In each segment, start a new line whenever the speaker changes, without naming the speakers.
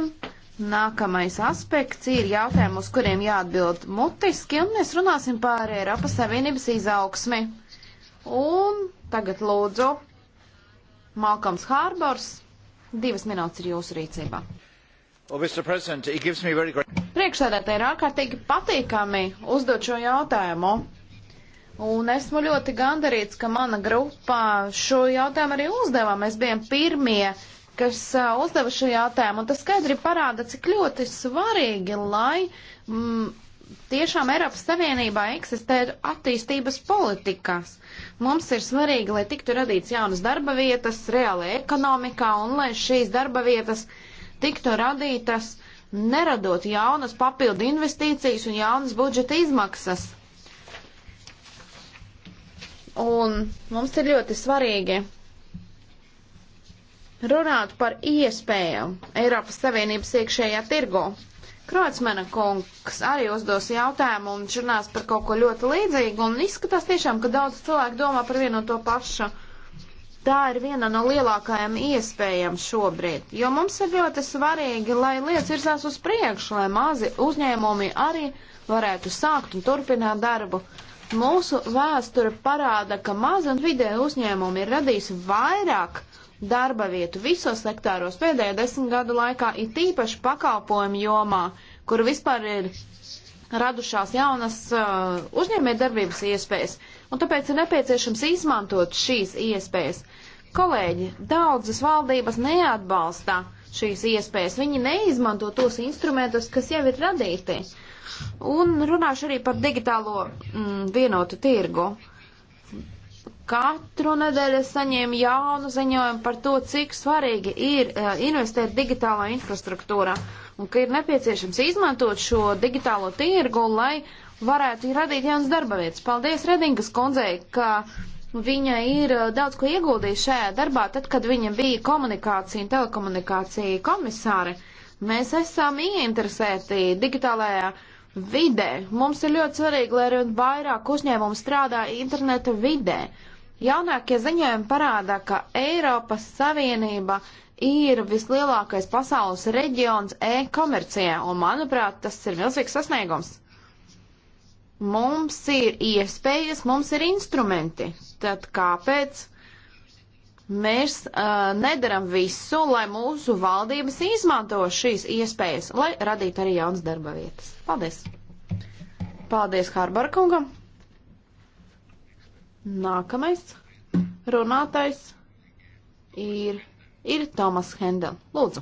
Un Nākamais aspekts ir jautājumi, uz kuriem jāatbild mutiski, un mēs runāsim par Eiropas Savienības izaugsmi. Un tagad lūdzu, Malkams Hārbors, divas minūtes ir jūsu rīcībā.
Well, great...
Priekšsēdētāji ir ārkārtīgi patīkami uzdot šo jautājumu. Un esmu ļoti gandarīts, ka mana grupā šo jautājumu arī uzdevām. Mēs bijām pirmie kas uh, uzdeva šo jautājumu, un tas skaidri parāda, cik ļoti svarīgi, lai mm, tiešām Eiropas Savienībā eksistētu attīstības politikas. Mums ir svarīgi, lai tiktu radīts jaunas darba vietas reālajā ekonomikā, un lai šīs darba vietas tiktu radītas, neradot jaunas papildu investīcijas un jaunas budžeta izmaksas. Un mums ir ļoti svarīgi runāt par iespēju Eiropas Savienības iekšējā tirgu. Krocmena kungs arī uzdos jautājumu un runās par kaut ko ļoti līdzīgu un izskatās tiešām, ka daudz cilvēku domā par vienu un to pašu. Tā ir viena no lielākajām iespējām šobrīd, jo mums ir ļoti svarīgi, lai lietas virzās uz priekšu, lai mazi uzņēmumi arī varētu sākt un turpināt darbu. Mūsu vēsture parāda, ka mazi un vidēji uzņēmumi ir radījis vairāk darba vietu visos sektāros pēdējo desmit gadu laikā, it īpaši pakalpojumu jomā, kur vispār ir radušās jaunas uh, uzņēmē darbības iespējas, un tāpēc ir nepieciešams izmantot šīs iespējas. Kolēģi, daudzas valdības neatbalsta šīs iespējas, viņi neizmanto tos instrumentus, kas jau ir radīti. Un runāšu arī par digitālo mm, vienotu tirgu katru nedēļu es saņēmu jaunu ziņojumu par to, cik svarīgi ir eh, investēt digitālā infrastruktūrā un ka ir nepieciešams izmantot šo digitālo tirgu, lai varētu radīt jaunas darba vietas. Paldies Redingas kundzei, ka viņa ir eh, daudz ko ieguldījusi šajā darbā, tad, kad viņa bija komunikācija un telekomunikācija komisāre. Mēs esam ieinteresēti digitālajā vidē. Mums ir ļoti svarīgi, lai arvien vairāk uzņēmumu strādā interneta vidē. Jaunākie ziņojumi parāda, ka Eiropas Savienība ir vislielākais pasaules reģions e-komercijā, un manuprāt, tas ir milzīgs sasniegums. Mums ir iespējas, mums ir instrumenti. Tad kāpēc mēs uh, nedaram visu, lai mūsu valdības izmanto šīs iespējas, lai radītu arī jaunas darba vietas? Paldies! Paldies Hārbarkungam! Nākamais runātais ir, ir Tomas Hendel. Lūdzu.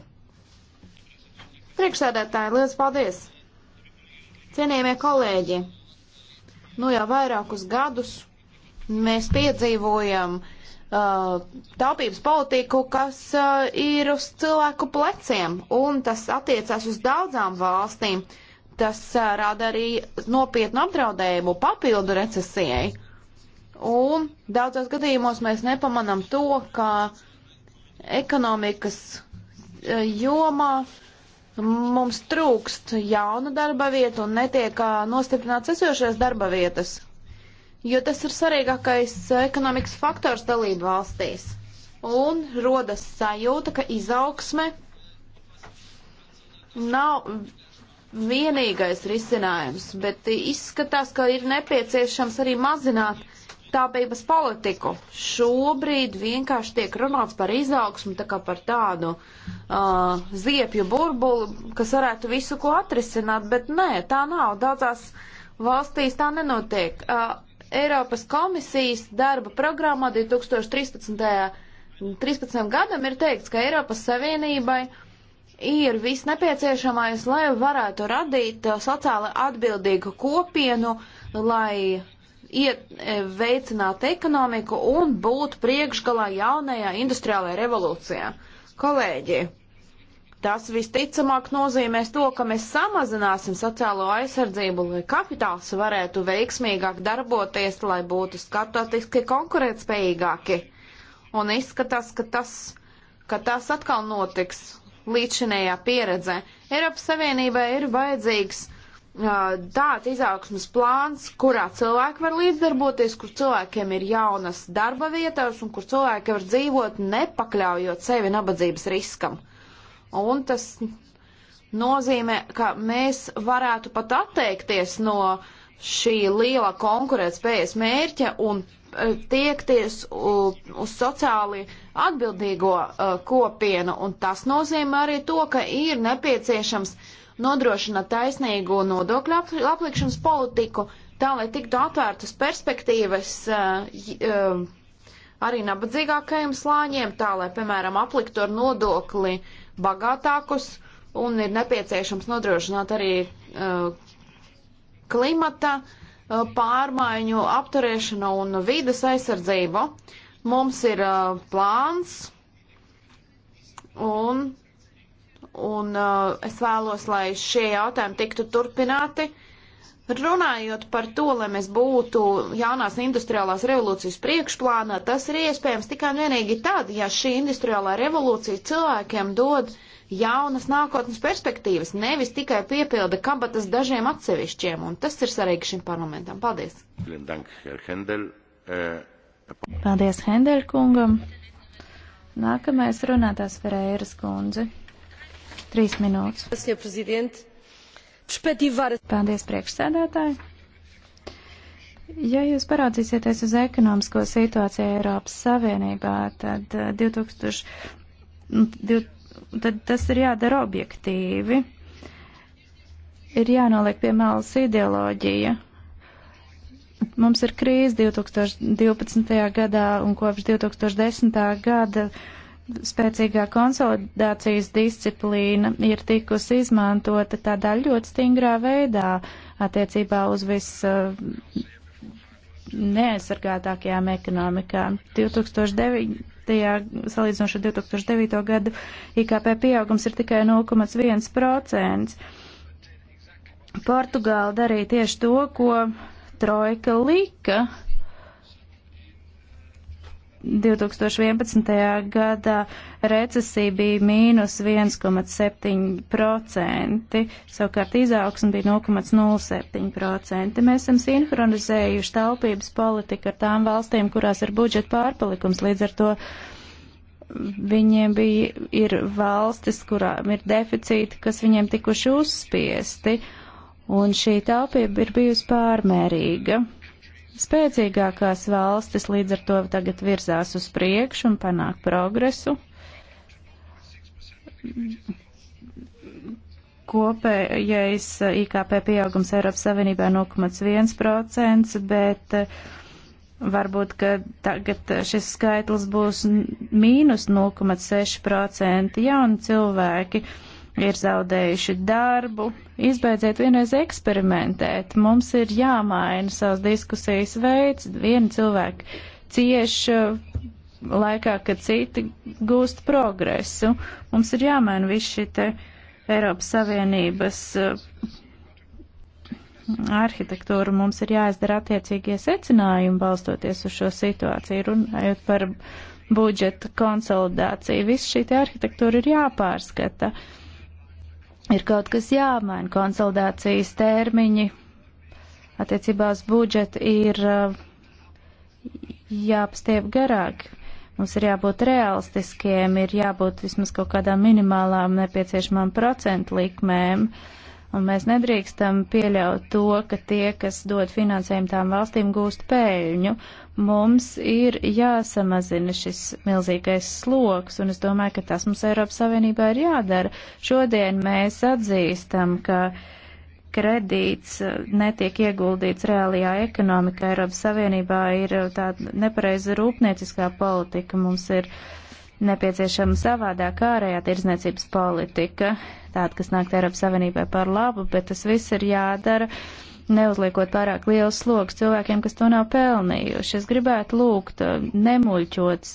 Priekšsēdētāji, liels paldies! Cienījamie kolēģi, nu jau vairākus gadus mēs piedzīvojam uh, taupības politiku, kas uh, ir uz cilvēku pleciem, un tas attiecās uz daudzām valstīm. Tas uh, rada arī nopietnu apdraudējumu papildu recesijai. Uh, Un daudzos gadījumos mēs nepamanām to, ka ekonomikas e, jomā mums trūkst jauna darba vieta un netiek e, nostiprināts esošās darba vietas, jo tas ir svarīgākais ekonomikas faktors dalību valstīs. Un rodas sajūta, ka izaugsme nav vienīgais risinājums, bet izskatās, ka ir nepieciešams arī mazināt tāpības politiku. Šobrīd vienkārši tiek runāts par izaugsmu, tā kā par tādu uh, ziepju burbuli, kas varētu visu ko atrisināt, bet nē, tā nav. Daudzās valstīs tā nenotiek. Uh, Eiropas komisijas darba programmā 2013. 13 gadam ir teikts, ka Eiropas Savienībai ir viss nepieciešamais, lai varētu radīt sociāli atbildīgu kopienu, lai iet, e, veicināt ekonomiku un būt priekšgalā jaunajā industriālajā revolūcijā. Kolēģi, tas visticamāk nozīmēs to, ka mēs samazināsim sociālo aizsardzību, lai kapitāls varētu veiksmīgāk darboties, lai būtu skatotiski konkurētspējīgāki. Un izskatās, ka tas, ka tas atkal notiks līdzinējā pieredze. Eiropas Savienībai ir vajadzīgs tāds izaugsmas plāns, kurā cilvēki var līdzdarboties, kur cilvēkiem ir jaunas darba vietas un kur cilvēki var dzīvot nepakļaujot sevi nabadzības riskam. Un tas nozīmē, ka mēs varētu pat atteikties no šī liela konkurētspējas mērķa un tiekties uz sociāli atbildīgo kopienu. Un tas nozīmē arī to, ka ir nepieciešams uh, nodrošina taisnīgu nodokļu aplikšanas politiku, tā lai tiktu atvērtas perspektīvas eh, eh, arī nabadzīgākajiem slāņiem, tā lai, piemēram, apliktu ar nodokli bagātākus un ir nepieciešams nodrošināt arī eh, klimata pārmaiņu apturēšanu un vīdes aizsardzību. Mums ir plāns un un uh, es vēlos, lai šie jautājumi tiktu turpināti. Runājot par to, lai mēs būtu jaunās industriālās revolūcijas priekšplānā, tas ir iespējams tikai un vienīgi tad, ja šī industriālā revolūcija cilvēkiem dod jaunas nākotnes perspektīvas, nevis tikai piepilda kabatas dažiem atsevišķiem, un tas ir svarīgi šim
parlamentam. Paldies! Äh, Paldies Hendel kungam! Nākamais runātās Ferēras kundze. Trīs minūtes. Paldies, priekšsēdētāji. Ja jūs parādzīsieties uz ekonomisko situāciju Eiropas Savienībā, tad, 2000, eh, 2000, nu, tad tas ir jādara objektīvi. Ir jānoliek pie malas ideoloģija. Mums ir krīze 2012. gadā un kopš 2010. gada spēcīgā konsolidācijas disciplīna ir tikusi izmantota tādā ļoti stingrā veidā attiecībā uz vis uh, neaizsargātākajām ekonomikām. 2009. salīdzinot ar 2009. gadu IKP pieaugums ir tikai 0,1%. Portugāla darīja tieši to, ko Trojka lika 2011. gadā recesija bija mīnus 1,7%, savukārt izaugsme bija 0,07%. Mēs esam sinhronizējuši taupības politiku ar tām valstīm, kurās ir budžeta pārpalikums, līdz ar to viņiem bija, ir valstis, kurām ir deficīti, kas viņiem tikuši uzspiesti, un šī taupība ir bijusi pārmērīga Spēcīgākās valstis līdz ar to tagad virzās uz priekšu un panāk progresu. Kopējais IKP pieaugums Eiropas Savienībā 0,1%, bet eh, varbūt, ka tagad šis skaitlis būs mīnus 0,6% jauni cilvēki. Uh, ir zaudējuši darbu. Izbeidziet vienreiz eksperimentēt. Mums ir jāmaina savas diskusijas veids. Vieni cilvēki cieši uh, laikā, kad citi gūst progresu. Mums ir jāmaina viss šī te Eiropas Savienības uh, arhitektūra. Mums ir jāizdara attiecīgie secinājumi balstoties uz šo situāciju, runājot par budžeta konsolidāciju. Viss šī te arhitektūra ir jāpārskata. Uh, ir kaut kas jāmaina. Konsolidācijas termiņi attiecībā uz budžetu ir uh, jāpastiepa garāk. Mums ir jābūt realistiskiem, ir jābūt vismaz kaut kādām minimālām nepieciešamām procentu likmēm. Un mēs nedrīkstam pieļaut to, ka tie, kas dod finansējumu tām valstīm, gūst pēļņu mums ir jāsamazina šis milzīgais sloks, un es domāju, ka tas mums Eiropas Savienībā ir jādara. Šodien mēs atzīstam, ka kredīts uh, netiek ieguldīts reālajā ekonomikā. Eiropas Savienībā ir uh, tāda nepareiza rūpnieciskā politika. Mums ir nepieciešama savādākā ārējā tirzniecības politika, tāda, kas nāk Eiropas Savienībai par labu, bet tas viss ir jādara. Uh, neuzliekot pārāk liels sloks cilvēkiem, kas to nav pelnījuši. Es gribētu lūgt eh, nemuļķot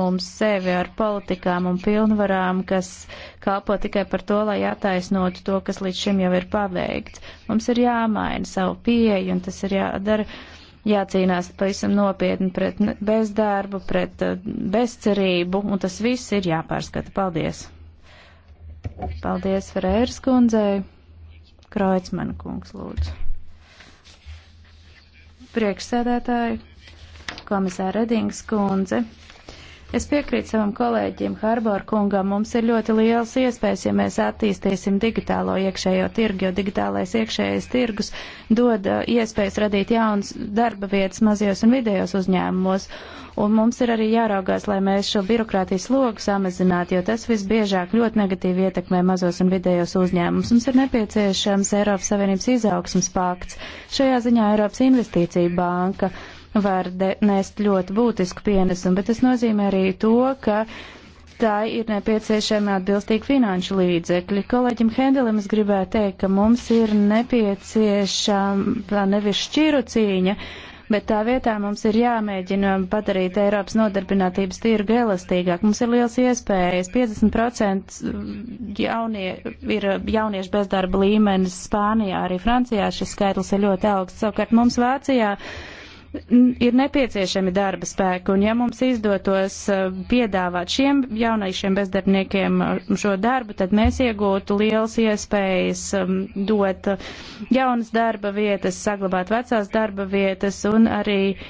mums sevi ar politikām un pilnvarām, kas kalpo tikai par to, lai attaisnotu to, kas līdz šim jau ir paveikts. Mums ir jāmaina savu pieeju, un tas ir jādara. Jācīnās pavisam nopietni pret bezdarbu, pret eh, bezcerību, un tas viss ir jāpārskata. Paldies! Paldies Ferēras kundzei! Kreutzmann kungs lūdzu priekšsēdētāji, komisāra Redings kundze. Es piekrītu savam kolēģim Harbor kungam, mums ir ļoti liels iespējas, ja mēs attīstīsim digitālo iekšējo tirgu, jo digitālais iekšējais tirgus dod uh, iespējas radīt jaunas darba vietas mazajos un vidējos uzņēmumos. Un mums ir arī jāraugās, lai mēs šo birokrātijas slogu samazinātu, jo tas visbiežāk ļoti negatīvi ietekmē mazos un vidējos uzņēmumus. Mums ir nepieciešams Eiropas Savienības izaugsmas pakts. Šajā ziņā Eiropas Investīcija banka var nest ļoti būtisku pienesumu, bet tas nozīmē arī to, ka tā ir nepieciešami atbilstīgi finanšu līdzekļi. Kolēģim Hendelim es gribēju teikt, ka mums ir nepieciešama nevis šķiru cīņa, bet tā vietā mums ir jāmēģina padarīt Eiropas nodarbinātības tirgu elastīgāk. Mums ir liels iespējas. 50% jaunie, ir jauniešu bezdarba līmenis Spānijā, arī Francijā šis skaitlis ir ļoti augsts. Savukārt mums Vācijā ir nepieciešami darba spēki, un ja mums izdotos uh, piedāvāt šiem jaunaišiem bezdarbniekiem uh, šo darbu, tad mēs iegūtu liels iespējas um, dot uh, jaunas darba vietas, saglabāt vecās darba vietas un arī uh,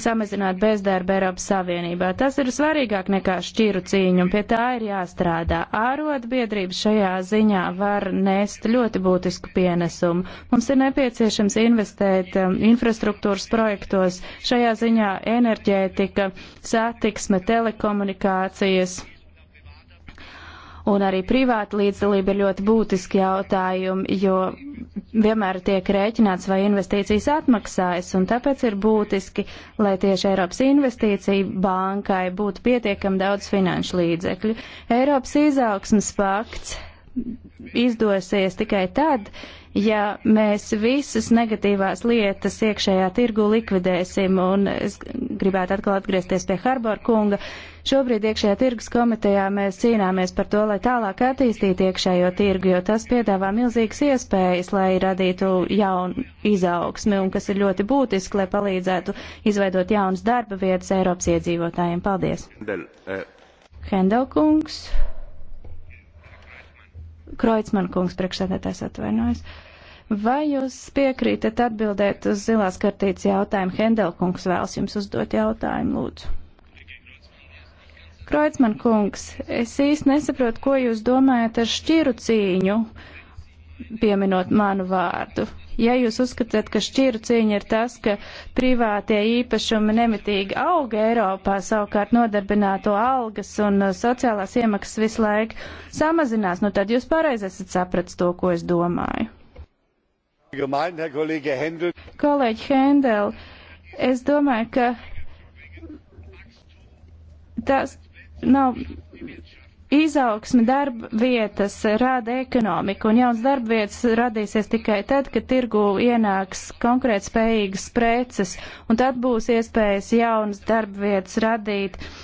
samazināt bezdarbu Eiropas Savienībā. Tas ir svarīgāk nekā šķiru cīņa, un pie tā ir jāstrādā. Ārotbiedrības šajā ziņā var nest ļoti būtisku pienesumu. Mums ir nepieciešams investēt um, infrastruktūras projektos, šajā ziņā enerģētika, satiksme, telekomunikācijas un arī privāta līdzdalība ir ļoti būtiski jautājumi, jo vienmēr tiek rēķināts, vai investīcijas atmaksājas, un tāpēc ir būtiski, lai tieši Eiropas investīcija bankai būtu pietiekam daudz finanšu līdzekļu. Eiropas izaugsmas pakts izdosies tikai tad, ja mēs visas negatīvās lietas iekšējā tirgu likvidēsim, un es gribētu atkal atgriezties pie Harbora kunga, šobrīd iekšējā tirgus komitejā mēs cīnāmies par to, lai tālāk attīstītu iekšējo tirgu, jo tas piedāvā milzīgas iespējas, lai radītu jaunu izaugsmi, un kas ir ļoti būtiski, lai palīdzētu izveidot jaunas darba vietas Eiropas iedzīvotājiem. Paldies! Eh. Hendelkungs. Kreutzmann kungs priekšsēdētājs atvainojas. Vai jūs piekrītat atbildēt uz zilās kartītes jautājumu? Hendelkungs vēlas jums uzdot jautājumu, lūdzu. Kreutzmann kungs, es īsti nesaprotu, ko jūs domājat ar šķiru cīņu, pieminot manu vārdu. Ja jūs uzskatāt, ka šķiru cīņa ir tas, ka privātie īpašumi nemitīgi auga Eiropā, savukārt nodarbināto algas un uh, sociālās iemaksas visu laiku samazinās, nu tad jūs pareizi esat sapratis to, ko es domāju. Kolēģi Hendel, es domāju, ka tas nav izaugsme darba vietas rada ekonomiku, un jauns darba vietas radīsies tikai tad, kad tirgu ienāks konkrēt spējīgas preces, un tad būs iespējas jaunas darba vietas radīt. Uh,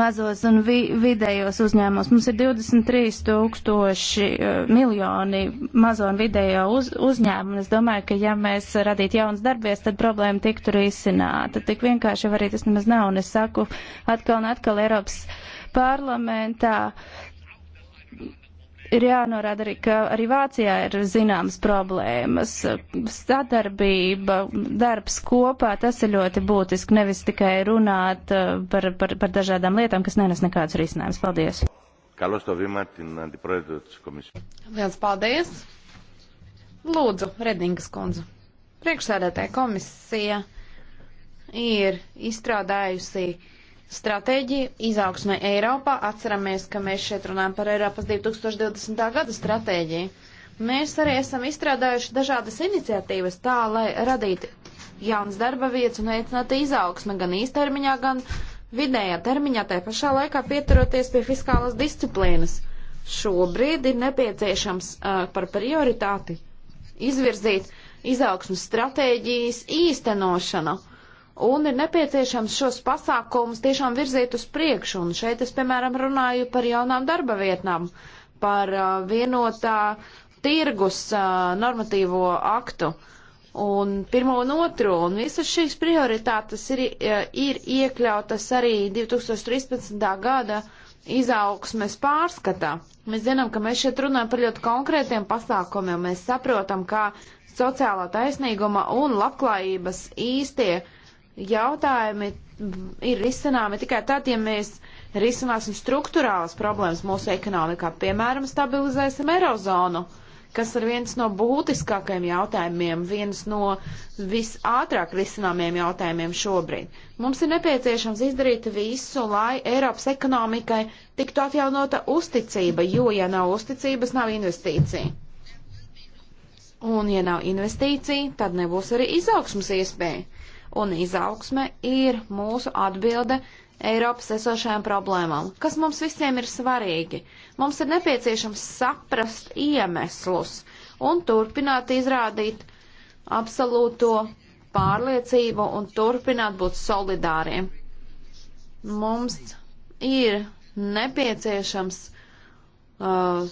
mazos un vi vidējos uzņēmumos. Mums ir 23 tūkstoši uh, miljoni mazo un vidējo uz uzņēmumu. Es domāju, ka ja mēs radītu jaunas darbies, tad problēma tiktu risināta. Tik vienkārši jau arī tas nemaz nav. Un es saku atkal un atkal Eiropas parlamentā, ir jānorāda arī, ka arī Vācijā ir zināmas problēmas. Sadarbība, darbs kopā, tas ir ļoti būtiski, nevis tikai runāt uh, par, par, par dažādām lietām, kas nenes nekādus risinājumus. Paldies!
Καλώς το βήμα την Αντιπρόεδρο της Κομισιόν.
Liels paldies! Lūdzu, Redingas kundze.
Priekšsēdētāja komisija ir izstrādājusi uh, stratēģiju izaugsmē Eiropā. Atceramies, ka mēs šeit runājam par Eiropas 2020. gada stratēģiju. Mēs arī esam izstrādājuši dažādas iniciatīvas tā, lai radītu jaunas darba vietas un veicinātu izaugsmi gan īstermiņā, gan vidējā termiņā, tai pašā laikā pieturoties pie fiskālas disciplīnas. Šobrīd ir nepieciešams uh, par prioritāti izvirzīt izaugsmas stratēģijas īstenošanu. Uh, un ir nepieciešams šos pasākumus tiešām virzīt uz priekšu. Un šeit es, piemēram, runāju par jaunām darba vietnām, par uh, vienotā tirgus uh, normatīvo aktu un pirmo un otro, un visas šīs prioritātes ir, uh, ir iekļautas arī 2013. gada izaugsmes pārskatā. Mēs zinām, ka mēs šeit runājam par ļoti konkrētiem pasākumiem, mēs saprotam, kā sociālā taisnīguma un labklājības īstie uh, jautājumi ir risināmi tikai tad, ja mēs risināsim struktūrālas problēmas mūsu ekonomikā, piemēram, stabilizēsim eirozonu kas ir viens no būtiskākajiem jautājumiem, viens no visātrāk risināmiem jautājumiem šobrīd. Mums ir nepieciešams izdarīt visu, lai Eiropas ekonomikai tiktu atjaunota uzticība, jo, ja nav uzticības, nav investīcija. Un, ja nav investīcija, tad nebūs arī izaugsmas iespēja un izaugsme ir mūsu atbilde Eiropas esošajām problēmām, kas mums visiem ir svarīgi. Mums ir nepieciešams saprast iemeslus un turpināt izrādīt absolūto pārliecību un turpināt būt solidāriem. Mums ir nepieciešams uh,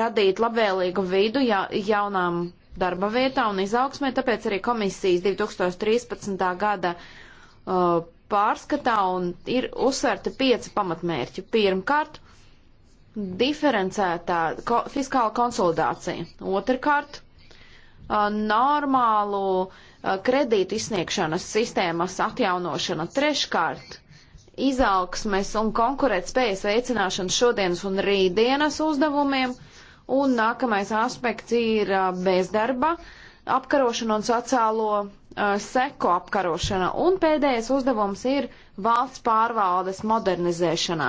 radīt labvēlīgu vidu ja, jaunām darba vietā un izaugsmē, tāpēc arī komisijas 2013. gada uh, pārskatā un ir uzsverti pieci pamatmērķi. Pirmkārt, diferencētā ko, fiskāla konsolidācija. Otrkārt, uh, normālu uh, kredītu izsniegšanas sistēmas atjaunošana. Treškārt, izaugsmes un konkurētspējas veicināšana šodienas un rītdienas uzdevumiem. Uh, Un nākamais aspekts ir bezdarba apkarošana un sociālo uh, seko apkarošana. Un pēdējais uzdevums ir valsts pārvaldes modernizēšanā.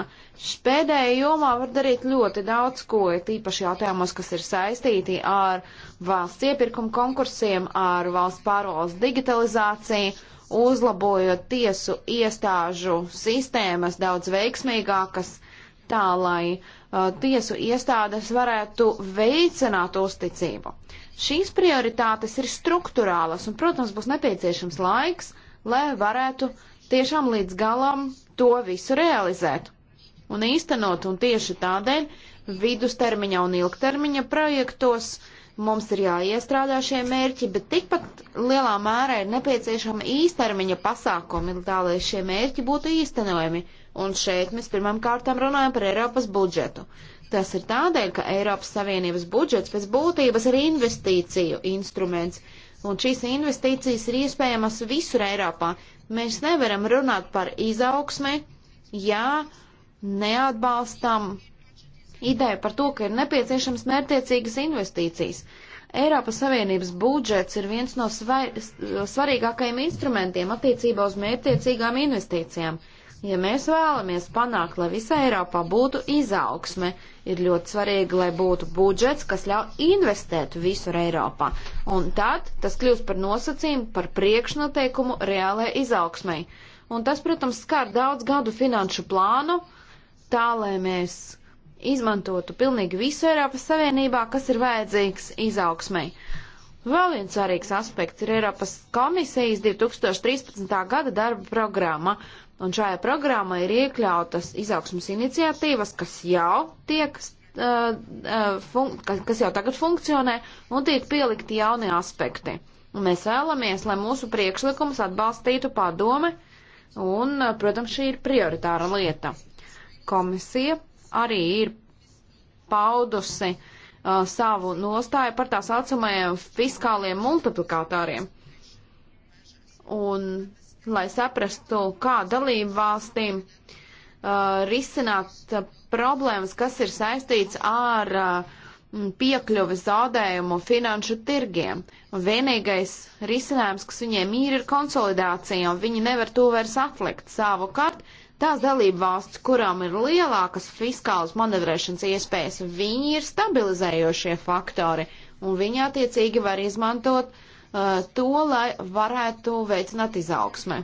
Pēdējā jomā var darīt ļoti daudz ko, tīpaši jautājumos, kas ir saistīti ar valsts iepirkumu konkursiem, ar valsts pārvaldes digitalizāciju, uzlabojot tiesu iestāžu sistēmas daudz veiksmīgākas, tā lai uh, Uh, tiesu iestādes varētu veicināt uzticību. Šīs prioritātes ir struktūrālas un, protams, būs nepieciešams laiks, lai varētu tiešām līdz galam to visu realizēt un īstenot. Un tieši tādēļ vidustermiņa un ilgtermiņa projektos mums ir jāiestrādā šie mērķi, bet tikpat lielā mērā ir nepieciešama īstermiņa pasākumi, tā lai šie mērķi būtu īstenojami. Un šeit mēs pirmām kārtām runājam par Eiropas budžetu. Tas ir tādēļ, ka Eiropas Savienības budžets pēc būtības ir investīciju instruments, un šīs investīcijas ir iespējamas visur Eiropā. Mēs nevaram runāt par izaugsmi, ja neatbalstam ideju par to, ka ir nepieciešams mērtiecīgas investīcijas. Eiropas Savienības budžets ir viens no svar, svarīgākajiem instrumentiem attiecībā uz mērtiecīgām investīcijām. Uh, Ja mēs vēlamies panākt, lai visā Eiropā būtu izaugsme, ir ļoti svarīgi, lai būtu budžets, kas ļauj investēt visur Eiropā. Un tad tas kļūst par nosacījumu, par priekšnoteikumu reālajai izaugsmai. Un tas, protams, skar daudz gadu finanšu plānu, tā lai mēs izmantotu pilnīgi visu Eiropas Savienībā, kas ir vajadzīgs izaugsmai. Vēl viens svarīgs aspekts ir Eiropas komisijas 2013. gada darba programma. Un šajā programmā ir iekļautas izaugsmas iniciatīvas, kas jau tiek, uh, uh, fun, kas, kas jau tagad funkcionē un tiek pielikti jauni aspekti. Un mēs vēlamies, lai mūsu priekšlikums atbalstītu padome un, uh, protams, šī ir prioritāra lieta. Komisija arī ir paudusi uh, savu nostāju par tā saucamajiem fiskāliem multiplikātāriem. Un lai saprastu, kā dalību valstīm uh, risināt uh, problēmas, kas ir saistīts ar uh, piekļuvi zaudējumu finanšu tirgiem. Un vienīgais risinājums, kas viņiem ir, ir konsolidācija, un viņi nevar to vairs atlikt. Savukārt, tās dalību valsts, kurām ir lielākas fiskālas manevrēšanas iespējas, viņi ir stabilizējošie faktori, un viņi attiecīgi var izmantot uh, Uh, to, lai varētu veicināt izaugsmē.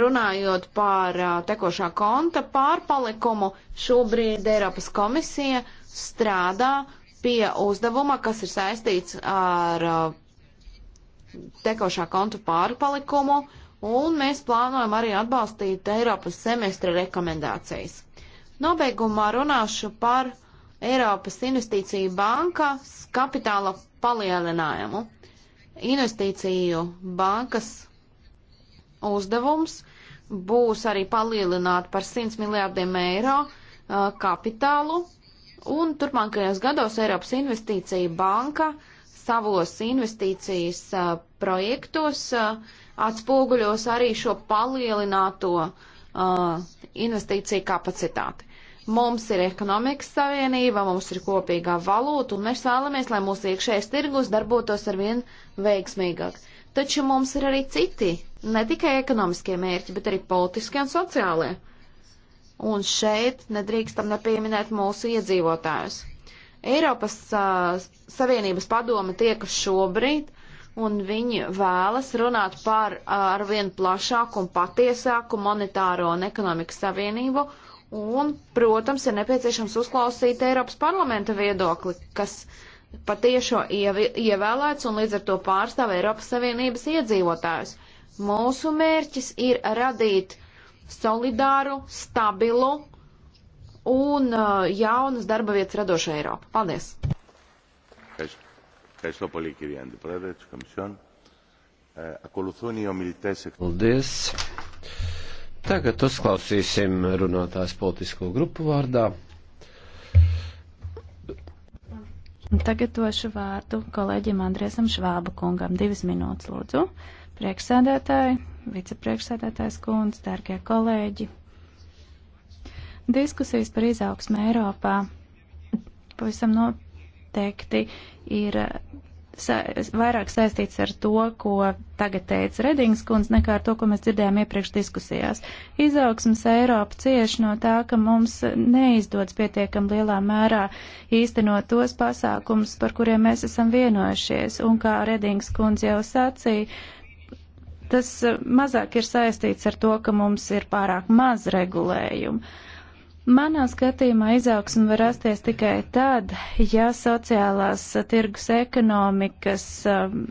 Runājot par uh, tekošā konta pārpalikumu, šobrīd Eiropas komisija strādā pie uzdevuma, kas ir saistīts ar uh, tekošā konta pārpalikumu, un mēs plānojam arī atbalstīt Eiropas semestra rekomendācijas. Nobeigumā runāšu par Eiropas investīciju bankas kapitāla palielinājumu. Investīciju bankas uzdevums būs arī palielināt par 100 miljārdiem eiro uh, kapitālu, un turpmākajos gados Eiropas investīcija banka savos investīcijas uh, projektos uh, atspoguļos arī šo palielināto investīciju kapacitāti. Mums ir ekonomikas savienība, mums ir kopīgā valūta, un mēs vēlamies, lai mūsu iekšējais tirgus darbotos ar vien veiksmīgāk. Taču mums ir arī citi, ne tikai ekonomiskie mērķi, bet arī politiskie un sociālie. Un šeit nedrīkstam nepieminēt mūsu iedzīvotājus. Eiropas uh, Savienības padome tiekas šobrīd, un viņi vēlas runāt par arvien plašāku un patiesāku monetāro un ekonomikas savienību Un, protams, ir nepieciešams uzklausīt Eiropas parlamenta viedokli, kas patiešo ievēlēts un līdz ar to pārstāv Eiropas Savienības iedzīvotājus. Mūsu mērķis ir radīt solidāru, stabilu un uh, jaunas darba vietas radošu Eiropu. Paldies!
Eh, Paldies! Tagad uzklausīsim runātājs politisko grupu vārdā.
Tagad došu vārdu kolēģim Andriesam Švāba kungam. Divas minūtes, lūdzu. Priekšsēdētāji, vicepriekšsēdētājs kundze, dārgie kolēģi. Diskusijas par izaugsmu Eiropā pavisam noteikti ir sa vairāk saistīts ar to, ko tagad teica Redings kundze, nekā ar to, ko mēs dzirdējām iepriekš diskusijās. Izaugsmas Eiropa cieši no tā, ka mums neizdodas pietiekam lielā mērā īstenot tos pasākums, par kuriem mēs esam vienojušies. Un kā Redings kundze jau sacīja, tas mazāk ir saistīts ar to, ka mums ir pārāk maz regulējumu. Manā skatījumā izaugsme var rasties tikai tad, ja sociālās tirgus ekonomikas um,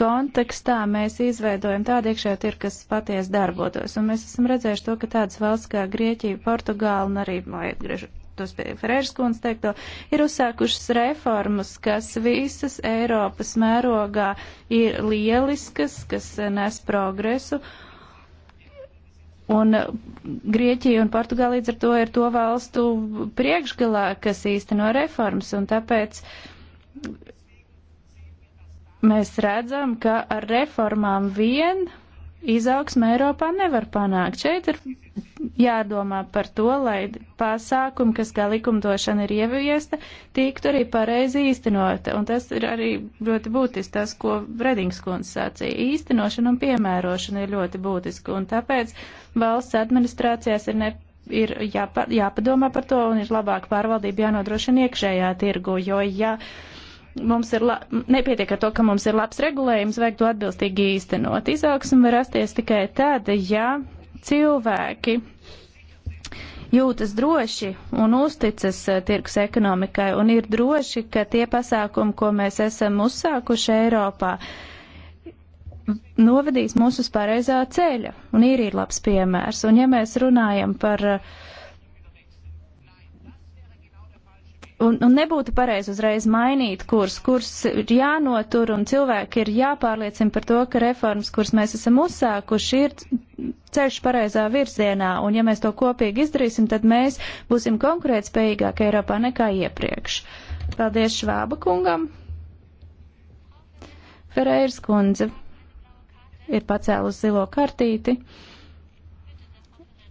kontekstā mēs izveidojam tādu iekšējo tirgu, kas patiesi darbotos. Un mēs esam redzējuši to, ka tādas valsts kā Grieķija, Portugāla un arī, lai atgriežu tos pie Ferēras kundas teikto, ir uzsākušas reformas, kas visas Eiropas mērogā ir lieliskas, kas nes progresu Un Grieķija un Portugāla līdz ar to ir to valstu priekšgalā, kas īsteno reformas, un tāpēc mēs redzam, ka ar reformām vien izaugsme Eiropā nevar panākt. Šeit ir jādomā par to, lai pasākumi, kas kā likumdošana ir ieviesta, tiktu arī pareizi īstenota. Un tas ir arī ļoti būtiski tas, ko Redings kundze sacīja. Īstenošana un piemērošana ir ļoti būtiska, un tāpēc valsts administrācijās ir ne. Ir jāpa, jāpadomā par to un ir labāk pārvaldība jānodrošina iekšējā tirgu, jo ja mums ir la... nepietiek ar to, ka mums ir labs regulējums, vajag to atbilstīgi īstenot. Izaugsme var rasties tikai tad, ja cilvēki jūtas droši un uzticas eh, tirgus ekonomikai un ir droši, ka tie pasākumi, ko mēs esam uzsākuši Eiropā, novedīs mūs uz pareizā ceļa. Un ir ir labs piemērs. Un ja mēs runājam par uh, un, un nebūtu pareizi uzreiz mainīt kurs. Kurs ir jānotur un cilvēki ir jāpārliecina par to, ka reformas, kuras mēs esam uzsākuši, ir ceļš pareizā virzienā. Un ja mēs to kopīgi izdarīsim, tad mēs būsim konkurētspējīgāki Eiropā nekā iepriekš. Paldies Švāba kungam. Ferreiras kundze ir pacēlusi zilo kartīti.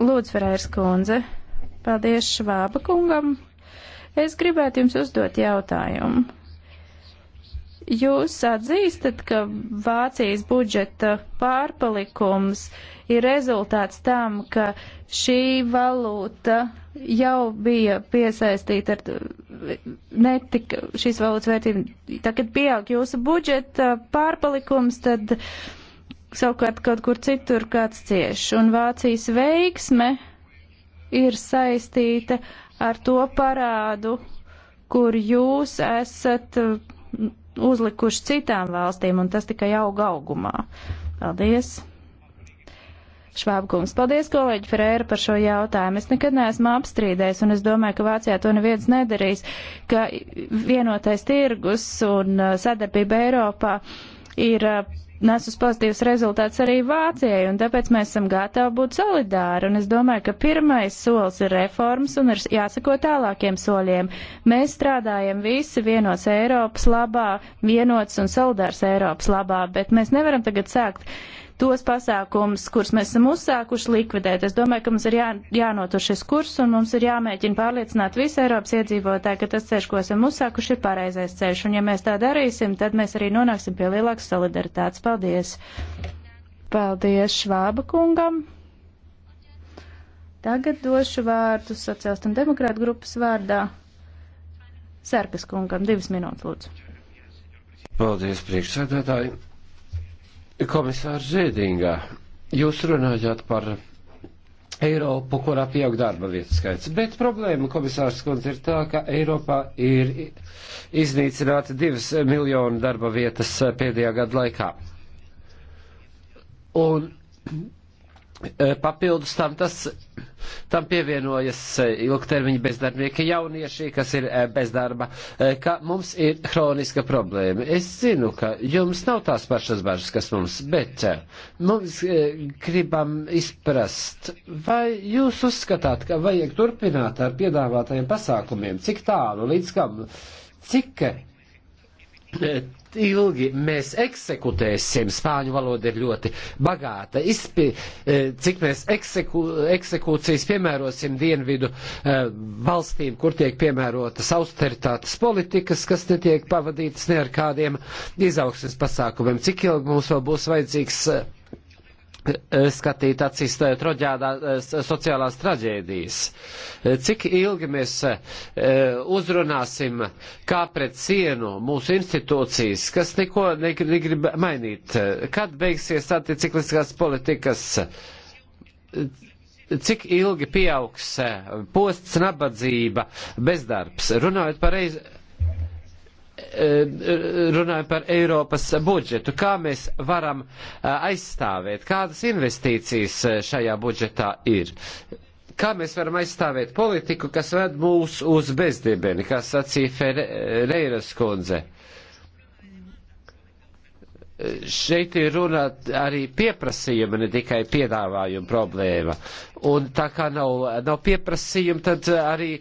Lūdzu, Ferreiras kundze. Paldies Švāba kungam. Es gribētu jums uzdot jautājumu. Jūs atzīstat, ka Vācijas budžeta pārpalikums ir rezultāts tam, ka šī valūta jau bija piesaistīta ar netika šīs valūtas vērtību. Tagad pieaug jūsu budžeta pārpalikums, tad savukārt kaut kur citur kāds cieš. Un Vācijas veiksme ir saistīta ar to parādu, kur jūs esat uh, uzlikuši citām valstīm, un tas tikai auga augumā. Paldies! Švābkungs, paldies kolēģi Ferēra par šo jautājumu. Es nekad neesmu apstrīdējis, un es domāju, ka Vācijā to neviens nedarīs, ka vienotais tirgus un uh, sadarbība Eiropā ir uh, nesus pozitīvs rezultāts arī Vācijai, un tāpēc mēs esam gatavi būt solidāri. Un es domāju, ka pirmais solis ir reformas un ir jāsako tālākiem soļiem. Mēs strādājam visi vienos Eiropas labā, vienots un solidārs Eiropas labā, bet mēs nevaram tagad sākt tos pasākums, kurus mēs esam uzsākuši, likvidēt. Es domāju, ka mums ir jā, jānotur šis kurs un mums ir jāmēģina pārliecināt visu Eiropas iedzīvotāju, ka tas ceļš, ko esam uzsākuši, ir pareizais ceļš. Un ja mēs tā darīsim, tad mēs arī nonāksim pie lielākas solidaritātes. Paldies! Paldies Švāba kungam! Tagad došu vārdu sociālistu un demokrātu grupas vārdā Sērkas kungam. Divas minūtes, lūdzu.
Paldies, priekšsēdētāji. Komisārs Žēdingā, jūs runājāt par Eiropu, kurā pieaug darba vietas skaits. Bet problēma, komisārs Kundze, ir tā, ka Eiropā ir iznīcināta divas miljonu darba vietas pēdējā gada laikā. Un eh, papildus tam tas Tam pievienojas e, ilgtermiņa bezdarbnieki jaunieši, kas ir e, bezdarba, e, ka mums ir hroniska problēma. Es zinu, ka jums nav tās pašas bažas, kas mums, bet mums gribam izprast, vai jūs uzskatāt, ka vajag turpināt ar piedāvātajiem pasākumiem, cik tālu, līdz kam, cik ilgi mēs eksekutēsim, spāņu valoda ir ļoti bagāta, Izpi, e, cik mēs ekseku, eksekūcijas piemērosim dienvidu e, valstīm, kur tiek piemērotas austeritātes politikas, kas netiek pavadītas ne ar kādiem izaugsmes pasākumiem, cik ilgi mums vēl būs vajadzīgs e, skatīt acīs troģēdās eh, sociālās traģēdijas. Eh, cik ilgi mēs eh, uzrunāsim kā pret sienu mūsu institūcijas, kas neko negrib mainīt? Kad beigsies anticikliskās politikas? Cik ilgi pieaugs posts, nabadzība, bezdarbs? Runājot par reizi Eh, runājam par Eiropas budžetu, kā mēs varam eh, aizstāvēt, kādas investīcijas eh, šajā budžetā ir. Kā mēs varam aizstāvēt politiku, kas ved mūs uz bezdibeni, kā sacīja Ferreiras kundze? šeit ir runa arī pieprasījuma, ne tikai piedāvājuma problēma. Un tā kā nav, nav pieprasījuma, tad arī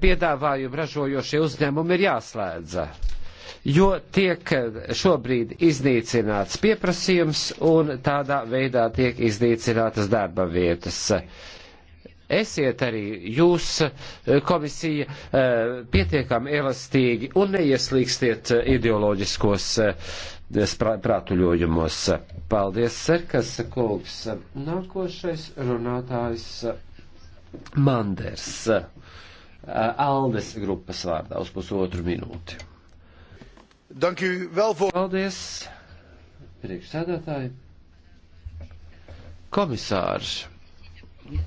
piedāvājumu ražojošie uzņēmumi ir jāslēdza jo tiek šobrīd iznīcināts pieprasījums un tādā veidā tiek iznīcinātas darba vietas. Esiet arī jūs, komisija, eh, pietiekami elastīgi un neieslīgstiet eh, ideoloģiskos eh, prātuļojumos. Paldies, Serkas kungs. Nākošais runātājs Manders. Aldes grupas vārdā uz pusotru minūti. Dank u wel voor. Paldies, priekšsēdētāji. Komisārs.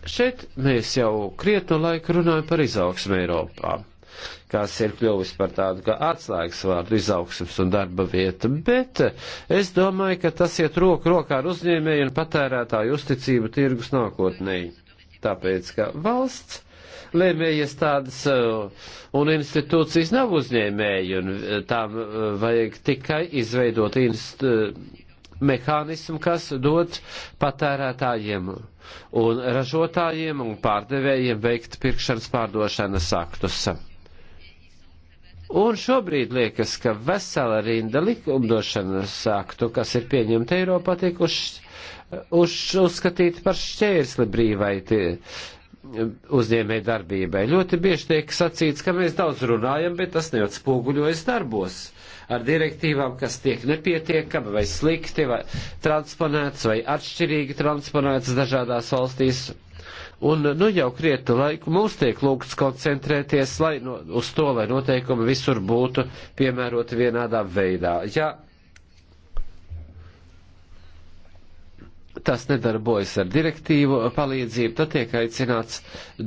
Šeit mēs jau krietnu laiku runājam par izaugsmu Eiropā, kas ir kļuvis par tādu kā atslēgas vārdu izaugsmas un darba vieta, bet es domāju, ka tas iet roku rokā ar uzņēmēju un patērētāju uzticību tirgus nākotnē. Tāpēc, ka valsts lēmējas tādas eh, un institūcijas nav uzņēmēji, un eh, tām eh, vajag tikai izveidot inst, mehānismu, kas dod patērētājiem un ražotājiem un pārdevējiem veikt pirkšanas pārdošanas aktus. Un šobrīd liekas, ka vesela rinda likumdošanas aktu, kas ir pieņemta Eiropā, tiek uz, uz, uzskatīti par šķērsli brīvai tie, uh, uzņēmē darbībai. Ļoti bieži tiek sacīts, ka mēs daudz runājam, bet tas neatspoguļojas darbos ar direktīvām, kas tiek nepietiekami vai slikti vai transponēts vai atšķirīgi transponēts dažādās valstīs. Un nu jau krietu laiku mums tiek lūgts koncentrēties lai, no, uz to, lai noteikumi visur būtu piemēroti vienādā veidā. Ja tas nedarbojas ar direktīvu palīdzību, tad tiek aicināts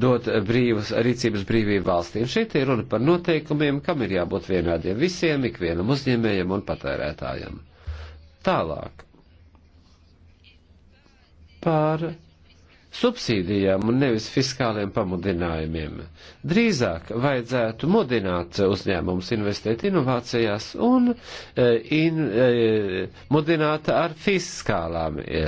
dot brīvus, rīcības brīvību valstīm. Šeit ir runa par noteikumiem, kam ir jābūt vienādiem visiem, ikvienam uzņēmējam un patērētājam. Tālāk. Par subsīdijām un nevis fiskāliem pamudinājumiem. Drīzāk vajadzētu mudināt uzņēmumus investēt inovācijās un e, in, e, mudināt ar fiskālām e,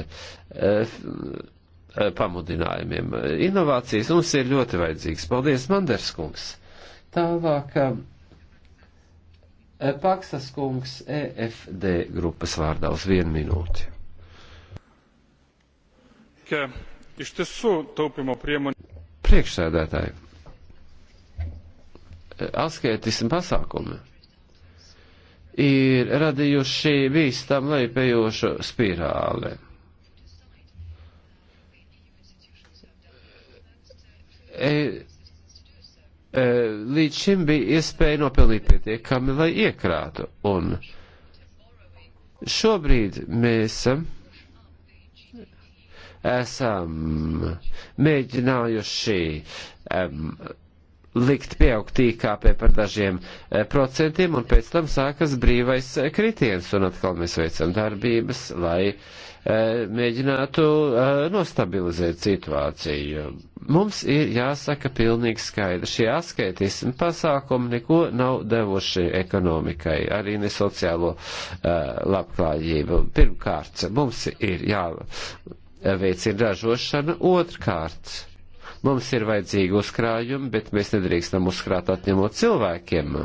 pamudinājumiem. Inovācijas mums ir ļoti vajadzīgas. Paldies, Manderskungs! Tālāk. Paksas kungs EFD grupas vārdā uz vienu minūti.
Ka Iš tiesų taupimo priemonė.
Priekšsēdētāji. Asketismu pasākumi ir radījuši bīstam lejpējošu spirāli. E, e, līdz šim bija iespēja nopelnīt pietiekami, lai iekrātu, un šobrīd mēs esam esam mēģinājuši um, likt pieaugt IKP par dažiem eh, procentiem, un pēc tam sākas brīvais eh, kritiens, un atkal mēs veicam darbības, lai eh, mēģinātu nostabilizēt situāciju. Mums ir jāsaka pilnīgi skaidri, šie asketismi pasākumi neko nav devuši ekonomikai, arī ne sociālo labklājību. Pirmkārt, mums ir jā veicina ražošana. Otrkārt, mums ir vajadzīgi uzkrājumi, bet mēs nedrīkstam uzkrāt atņemot cilvēkiem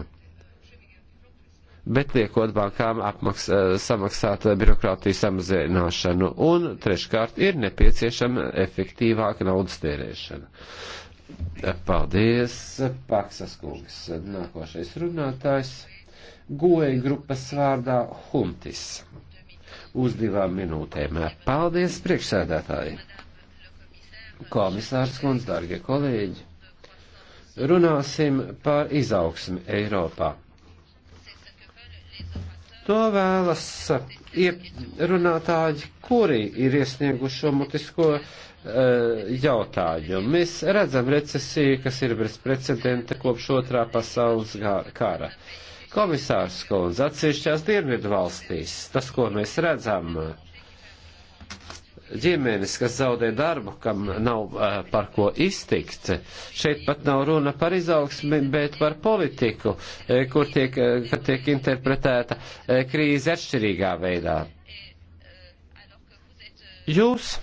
bet liekot bankām apmaks, eh, samaksāt birokrātiju samazināšanu. Un treškārt ir nepieciešama efektīvāka naudas tērēšana. Paldies, Paksas kungs. Nākošais runātājs. Goja grupas vārdā Humtis uz divām minūtēm. Paldies, priekšsēdētāji! Komisārs Kunds, dārgie kolēģi! Runāsim par izaugsmi Eiropā. To vēlas runātāji, kuri ir iesnieguši šo mutisko uh, jautājumu. Mēs redzam recesiju, kas ir bez precedenta kopš otrā pasaules kara. Uh, Komisārs Kolundz, atsevišķās dienvidu valstīs, tas, ko mēs redzam, ģimenes, kas zaudē darbu, kam nav uh, par ko iztikt. Šeit pat nav runa par izaugsmi, bet par politiku, uh, kur tiek, uh, tiek interpretēta uh, krīze atšķirīgā veidā. Jūs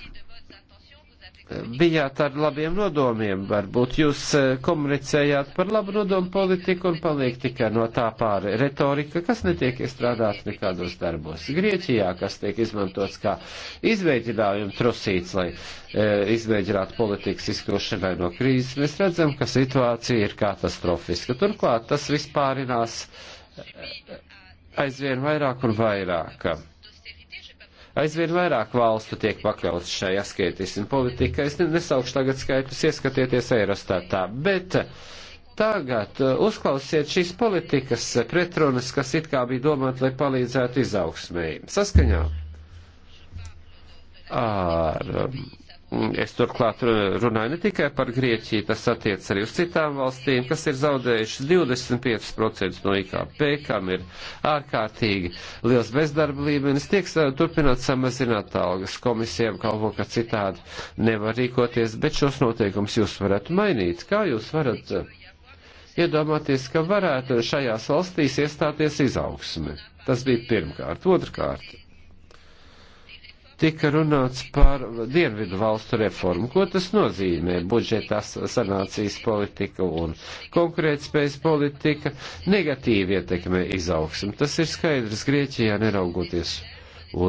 bijāt ar labiem nodomiem, varbūt jūs eh, komunicējāt par labu nodomu politiku un paliek tikai no tā pāri retorika, kas netiek iestrādāta nekādos darbos. Grieķijā, kas tiek izmantots kā izveidinājuma trusīts, lai e, izveidinātu politikas izkļūšanai no krīzes, mēs redzam, ka situācija ir katastrofiska. Turklāt tas vispārinās eh, aizvien vairāk un vairāk. Aizvien vairāk valstu tiek pakļauts šai asketismu politikai. Es nesaukšu tagad skaitļus, ieskatieties Eirostatā, bet tagad uh, uzklausiet šīs politikas pretrunas, kas it kā bija domāt, lai palīdzētu izaugsmēji. Saskaņā ar um, Es turklāt runāju ne tikai par Grieķiju, tas attiec arī uz citām valstīm, kas ir zaudējušas 25% no IKP, kam ir ārkārtīgi liels bezdarba līmenis, tiek turpināt samazināt algas komisijām, kalvo, ka citādi nevar rīkoties, bet šos noteikumus jūs varat mainīt. Kā jūs varat eh, iedomāties, ka varētu šajās valstīs iestāties izaugsme? Tas bija pirmkārt. Otrkārt tika runāts par dienvidu valstu reformu. Ko tas nozīmē? Budžeta sanācijas politika un konkurētspējas politika negatīvi ietekmē izaugsmu. Tas ir skaidrs Grieķijā neraugoties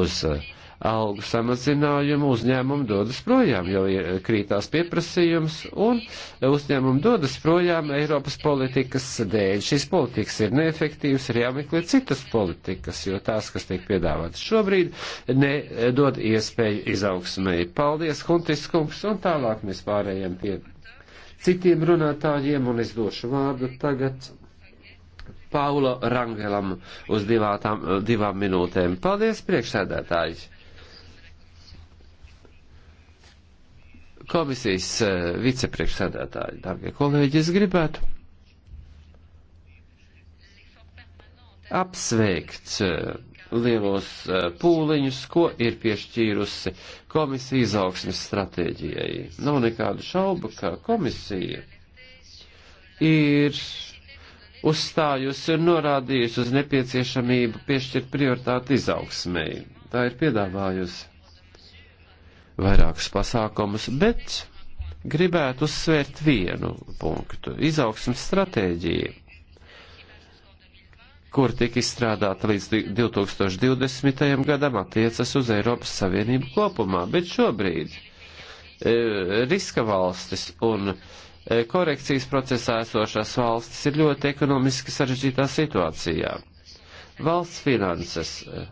uz uh, algu samazinājumu, uzņēmumi dodas projām, jo krītās pieprasījums, un uzņēmumi dodas projām Eiropas politikas dēļ. Šīs politikas ir neefektīvas, ir jāmeklē citas politikas, jo tās, kas tiek piedāvātas šobrīd, nedod iespēju izaugsmēji. Paldies, Huntis kungs, un tālāk mēs pārējiem pie citiem runātājiem, un es došu vārdu tagad Paula Rangelam uz divātām, divām minūtēm. Paldies, priekšsēdētāji! Komisijas eh, vicepriekšsēdētāji, darbie kolēģi, es gribētu apsveikt eh, lielos eh, pūliņus, ko ir piešķīrusi komisija izaugsmes stratēģijai. Nav nekādu šaubu, ka komisija ir uzstājusi un norādījusi uz nepieciešamību piešķirt prioritāti izaugsmēji. Tā ir piedāvājusi vairākus pasākumus, bet gribētu uzsvērt vienu punktu - izaugsmas stratēģiju, kur tika izstrādāta līdz 2020. gadam attiecas uz Eiropas Savienību kopumā, bet šobrīd e, riska valstis un e, korekcijas procesā esošās valstis ir ļoti ekonomiski sarežģītā situācijā. Valsts finanses e,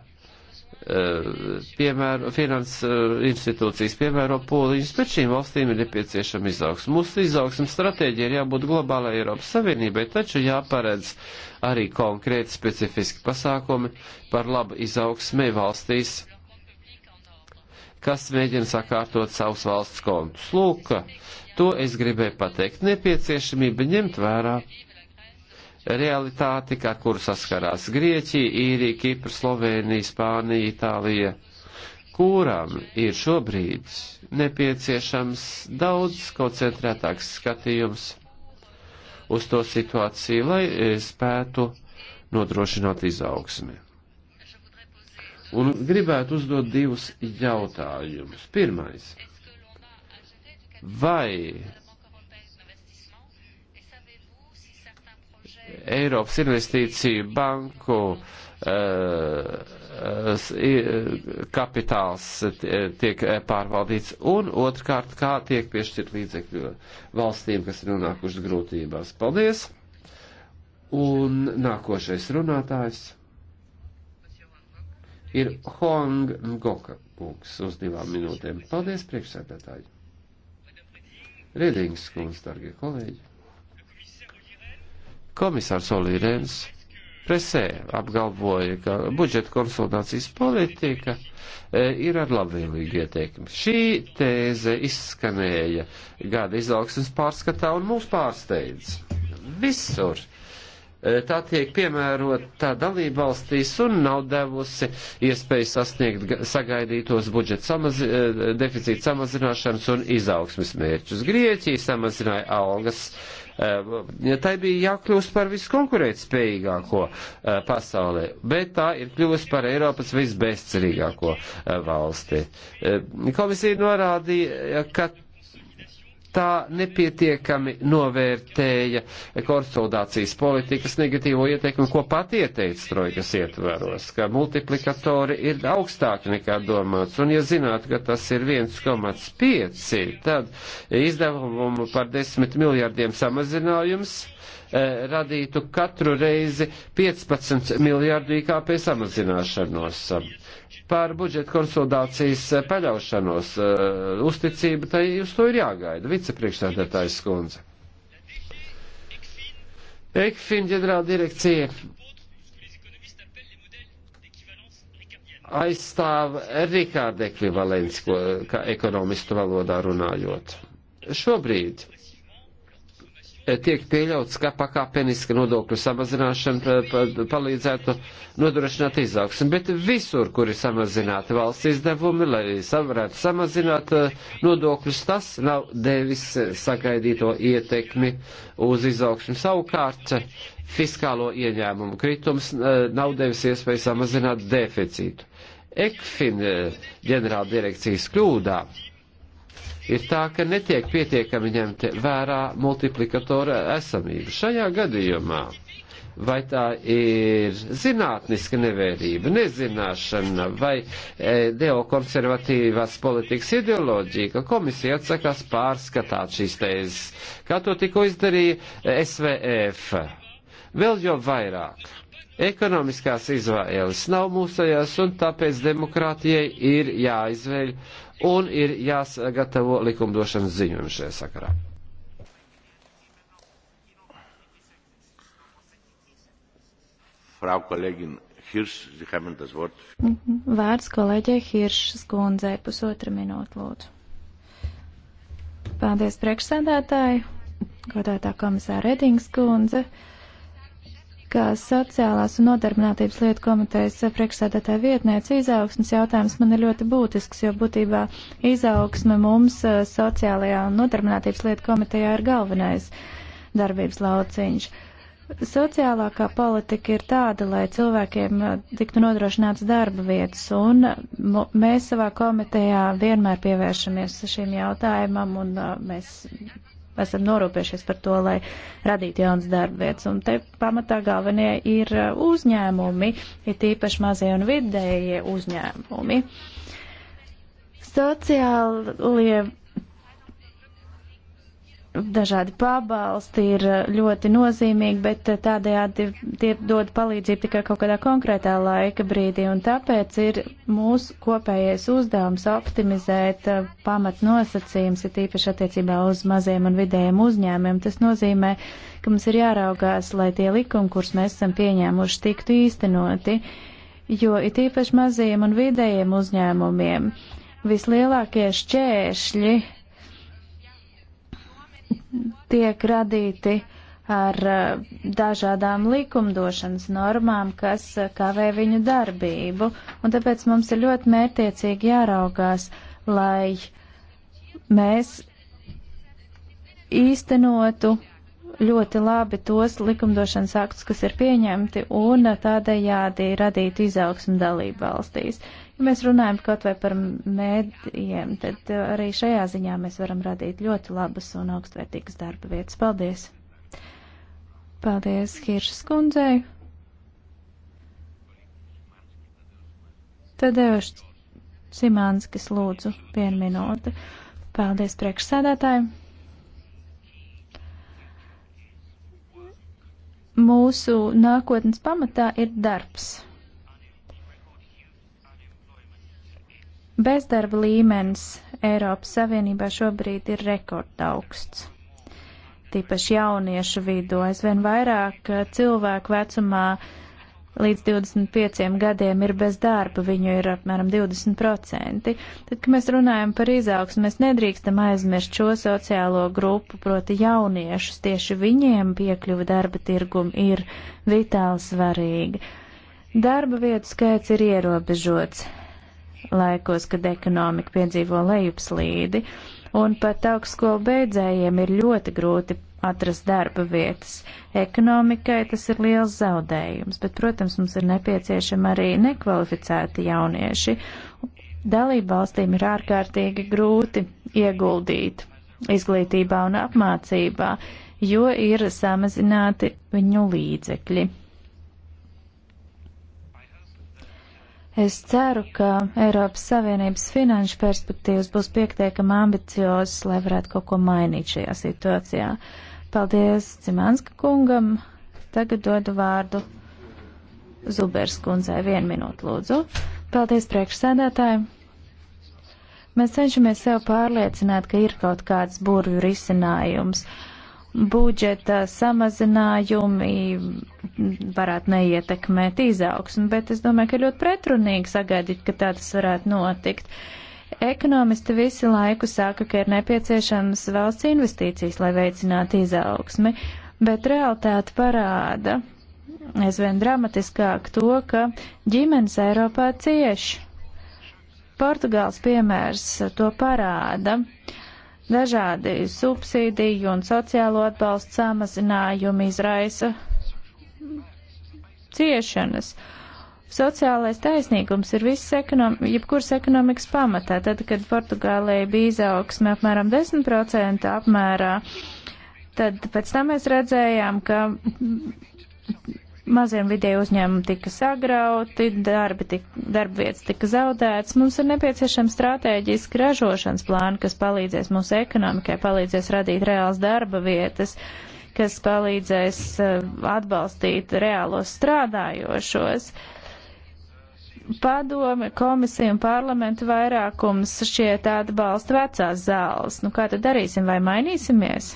piemēro, finans eh, institūcijas piemēro pūliņus, bet šīm valstīm ir nepieciešama izaugsme. Mūsu izaugsmes stratēģija ir jābūt globālai Eiropas Savienībai, taču jāparedz arī konkrēti specifiski pasākumi par labu izaugsmē valstīs, kas mēģina sakārtot savus valsts kontus. Lūk, to es gribēju pateikt. Nepieciešamība ņemt vērā realitāti, kā kur saskarās Grieķija, Īrija, Kipra, Slovenija, Spānija, Itālija, kurām ir šobrīd nepieciešams daudz koncentrētāks skatījums uz to situāciju, lai e, spētu nodrošināt izaugsmi. Un gribētu uzdot divus jautājumus. Pirmais. Vai Eiropas investīciju banku eh, kapitāls tiek eh, pārvaldīts, un otrkārt, kā tiek piešķirt līdzekļu valstīm, kas ir nonākušas grūtībās. Paldies! Un nākošais runātājs ir Hong Ngoka kungs uz divām minūtēm. Paldies, priekšsēdētāji! Redīgas kungs, dargie kolēģi! Komisārs Olīrens presē apgalvoja, ka budžeta konsultācijas politika e, ir ar labvēlīgu ieteikumu. Šī tēze izskanēja gada izaugsmas pārskatā un mūs pārsteidz. Visur e, tā tiek piemērota dalība valstīs un nav devusi iespēju sasniegt sagaidītos budžeta samazi, e, deficīta samazināšanas un izaugsmes mērķus. Grieķija samazināja algas Eh, ja tai bija jākļūst par viskonkurētspējīgāko eh, pasaulē, bet tā ir kļuvusi par Eiropas visbezcerīgāko eh, valsti. Komisija norādīja, ka tā nepietiekami novērtēja konsolidācijas politikas negatīvo ieteikumu, ko pat ieteica trojkas ietvaros, ka multiplikatori ir augstāki nekā domāts. Un ja zinātu, ka tas ir 1,5, tad izdevumu par 10 miljārdiem samazinājums eh, radītu katru reizi 15 miljārdu IKP samazināšanos par budžeta konsolidācijas eh, paļaušanos. Eh, Uzticība tai uz to ir jāgaida. Vicepriekšsēdētājs skundze. Ekfin ģenerāla direkcija aizstāv Rikārda ekvivalents, ko ekonomistu valodā runājot. Šobrīd tiek pieļauts, ka pakāpeniska nodokļu samazināšana palīdzētu nodrošināt izaugsmu. Bet visur, kur ir samazināti valsts izdevumi, lai varētu samazināt eh, nodokļus, tas nav devis sagaidīto ietekmi uz izaugsmu. Savukārt, fiskālo ieņēmumu kritums eh, nav devis iespēju samazināt deficītu. ECFIN eh, ģenerāldirekcijas kļūdā ir tā, ka netiek pietiekami ņemta vērā multiplikatora esamība. Šajā gadījumā vai tā ir zinātniska nevērība, nezināšana vai e, deokonservatīvās politikas ideoloģija, ka komisija atsakās pārskatāt šīs tēzes, kā to tikko izdarīja e, SVF. Vēl jau vairāk. Ekonomiskās izvēles nav mūsējās, un tāpēc demokrātijai ir jāizveļ un ir jāsagatavo likumdošanas ziņojumi šajā sakarā. Frau Kollegin Hirsch, Sie haben das Wort.
Mhm. Vārds kolēģei Hiršas kundzei pusotra minūte, lūdzu. Paldies priekšsēdētāji, godētā komisāra Redings kundze. Uh, kā sociālās un nodarbinātības lietu komitejas priekšsēdētāja vietniece, izaugsmas jautājums man ir ļoti būtisks, jo būtībā izaugsme mums eh, sociālajā un nodarbinātības lietu komitejā ir galvenais darbības lauciņš. Sociālākā politika ir tāda, lai cilvēkiem eh, tiktu nodrošināts darba vietas, un eh, mēs savā komitejā vienmēr pievēršamies šim jautājumam, un mēs esam norūpējušies par to, lai radītu jaunas darbvietas. Un te pamatā galvenie ir uh, uzņēmumi, ir tīpaši mazie un vidējie uzņēmumi. Sociālie dažādi pabalsti ir ļoti nozīmīgi, bet tādējādi tie dod palīdzību tikai kaut kādā konkrētā laika brīdī, un tāpēc ir mūsu kopējais uzdevums optimizēt uh, pamat nosacījums, ir tīpaši attiecībā uz maziem un vidējiem uzņēmiem. Tas nozīmē, ka mums ir jāraugās, lai tie likumi, kurus mēs esam pieņēmuši, tiktu īstenoti, jo ir tīpaši maziem un vidējiem uzņēmumiem vislielākie šķēršļi tiek radīti ar eh, dažādām likumdošanas normām, kas eh, kavē viņu darbību, un tāpēc mums ir ļoti mērtiecīgi jāraugās, lai mēs īstenotu ļoti labi tos likumdošanas aktus, kas ir pieņemti, un eh, tādējādi radīt izaugsmu dalību valstīs. Ja mēs runājam kaut vai par mēdījiem, tad uh, arī šajā ziņā mēs varam radīt ļoti labas un augstvērtīgas darba vietas. Paldies! Paldies Hiršas kundzei! Tad devuši uh, Simānskis lūdzu vienu minūti. Paldies priekšsēdētājiem! Mūsu nākotnes pamatā ir darbs Bezdarba līmenis Eiropas Savienībā šobrīd ir rekordaugsts. Tīpaši jauniešu vidū aizvien vairāk eh, cilvēku vecumā līdz 25 gadiem ir bez darba, viņu ir apmēram 20%. Tad, kad mēs runājam par izaugsmu, mēs nedrīkstam aizmirst šo sociālo grupu, proti jauniešus. Tieši viņiem piekļuva darba tirgum ir vitāli svarīga. Darba vietu skaits ir ierobežots laikos, kad ekonomika piedzīvo lejupslīdi, un pat augstskolu beidzējiem ir ļoti grūti atrast darba vietas. Ekonomikai tas ir liels zaudējums, bet, protams, mums ir nepieciešama arī nekvalificēti jaunieši. Dalību valstīm ir ārkārtīgi grūti ieguldīt izglītībā un apmācībā, jo ir samazināti viņu līdzekļi. Es ceru, ka Eiropas Savienības finanšu perspektīvas būs pietiekami ambiciozas, lai varētu kaut ko mainīt šajā situācijā. Paldies Cimanska kungam. Tagad dodu vārdu Zubers kundzei. Vienu minūtu lūdzu. Paldies priekšsēdētājiem. Mēs cenšamies sev pārliecināt, ka ir kaut kāds burvju risinājums. Uh, budžeta samazinājumi varētu neietekmēt izaugsmu, bet es domāju, ka ļoti pretrunīgi sagaidīt, ka tā tas varētu notikt. Ekonomisti visu laiku saka, ka ir nepieciešams valsts investīcijas, lai veicinātu izaugsmi, bet realitāte parāda aizvien dramatiskāk to, ka ģimenes Eiropā cieši. Portugāls piemērs to parāda. Uh, Dažādi subsīdiju un sociālo atbalstu samazinājumi izraisa ciešanas. Sociālais taisnīgums ir viss ekonom, jebkuras ekonomikas pamatā. Tad, kad Portugālē bija izaugsme apmēram 10% apmērā, tad pēc tam mēs redzējām, ka Maziem vidēju uzņēmumi tika sagrauti, darbi tika, darbvietas tika zaudētas. Mums ir nepieciešama stratēģiska ražošanas plāna, kas palīdzēs mūsu ekonomikai, palīdzēs radīt reāls darba vietas, kas palīdzēs eh, atbalstīt reālos strādājošos padome, komisija un parlamenta vairākums šķiet atbalsta vecās zāles. Nu, kā tad darīsim, vai mainīsimies?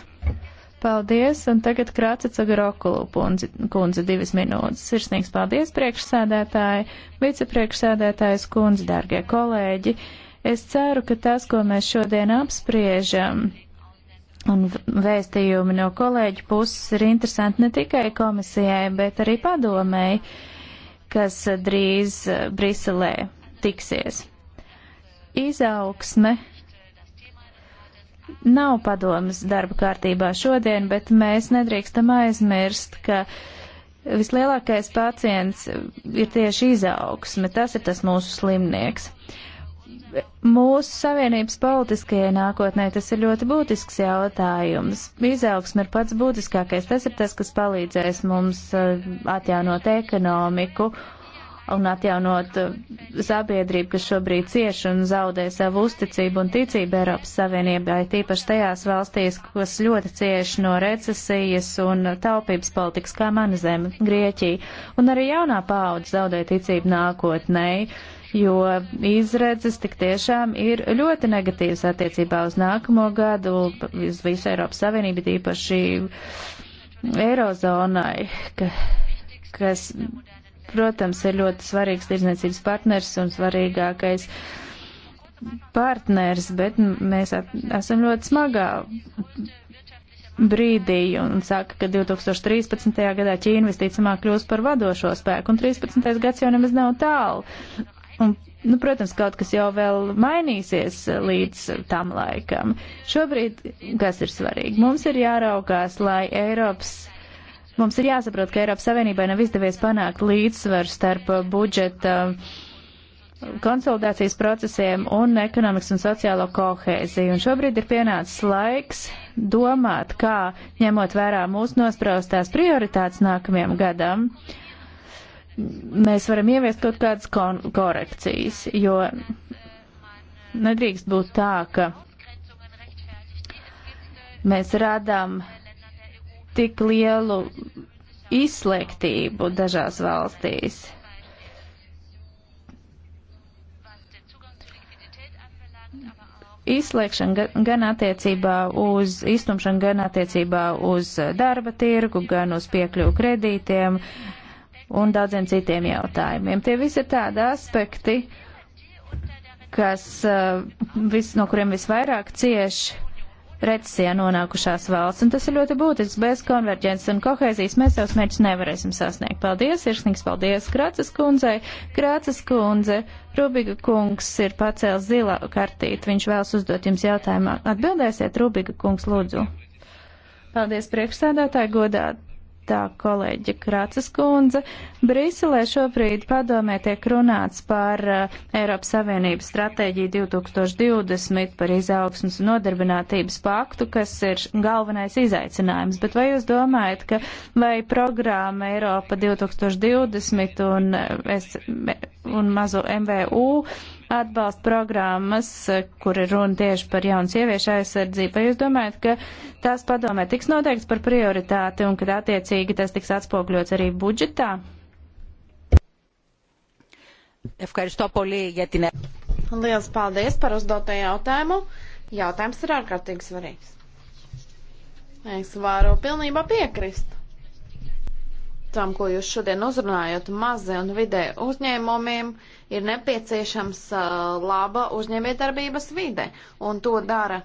Paldies, un tagad Krācica Grokulu kundze, kundze divas minūtes. Sirsnīgs paldies, priekšsēdētāji, vicepriekšsēdētājs kundze, dārgie kolēģi. Es ceru, ka tas, ko mēs šodien apspriežam, un vēstījumi no kolēģi puses ir interesanti ne tikai komisijai, bet arī padomēji, kas drīz Briselē tiksies. Izaugsme nav padomas darba kārtībā šodien, bet mēs nedrīkstam aizmirst, ka vislielākais pacients ir tieši izaugsme, tas ir tas mūsu slimnieks. Mūsu savienības politiskajai nākotnē tas ir ļoti būtisks jautājums. Izaugsme ir pats būtiskākais, tas ir tas, kas palīdzēs mums eh, atjaunot ekonomiku un atjaunot eh, sabiedrību, kas šobrīd cieš un zaudē savu uzticību un ticību Eiropas Savienībai, tīpaši tajās valstīs, kas ļoti cieš no recesijas un taupības politikas, kā mana zeme, Grieķija. Un arī jaunā paudze zaudē ticību nākotnēji jo izredzes tik tiešām ir ļoti negatīvas attiecībā uz nākamo gadu, uz visu Eiropas Savienību, īpaši Eirozonai, ka, kas protams, ir ļoti svarīgs tirdzniecības partners un svarīgākais partners, bet mēs esam ļoti smagā brīdī un saka, ka 2013. gadā Ķīna visticamāk kļūs par vadošo spēku, un 13. gads jau nemaz nav tālu. Un, nu, protams, kaut kas jau vēl mainīsies līdz tam laikam. Šobrīd, kas ir svarīgi, mums ir jāraugās, lai Eiropas Mums ir jāsaprot, ka Eiropas Savienībai nav izdevies panākt līdzsvaru starp uh, budžeta uh, konsolidācijas procesiem un ekonomikas un sociālo kohēziju. Un šobrīd ir pienācis laiks domāt, kā ņemot vērā mūsu nospraustās prioritātes nākamajam gadam, mēs varam ieviest kaut kādas korekcijas, jo nedrīkst būt tā, ka mēs radām tik lielu izslēgtību dažās valstīs. Izslēgšana gan attiecībā uz iztumšanu, gan attiecībā uz darba tirgu, gan uz piekļuvu kredītiem un daudziem citiem jautājumiem. Tie visi ir tādi aspekti, kas, eh, vis, no kuriem visvairāk cieši recesijā nonākušās valsts, un tas ir ļoti būtisks. Bez konverģences un kohēzijas mēs savus mērķus nevarēsim sasniegt. Paldies, sirsnīgs paldies Kracas kundzei. Kracas kundze, Rubiga kungs ir pacēlis zilā kartīti. Viņš vēlas uzdot jums jautājumu. Atbildēsiet, Rubiga kungs, lūdzu. Paldies, priekšsēdētāji, godāt tā kolēģa Krācas kundze. Brīselē šobrīd padomē tiek runāts par uh, Eiropas Savienības stratēģiju 2020 par izaugsmas un nodarbinātības paktu, kas ir galvenais izaicinājums. Bet vai jūs domājat, ka vai programma Eiropa 2020 un uh, es, un mazo MVU atbalsta programmas, eh, kur ir runa tieši par jaunu sieviešu aizsardzību. Vai jūs domājat, ka tās padomē tiks noteikts par prioritāti un kad attiecīgi tas tiks atspogļots arī budžetā? Lielas paldies par
uzdoto jautājumu. Jautājums ir ārkārtīgi svarīgs. Es varu pilnībā piekrist tam, ko jūs šodien uzrunājat, mazi un vidē uzņēmumiem ir nepieciešams uh, laba uzņēmietarbības vide, un to dara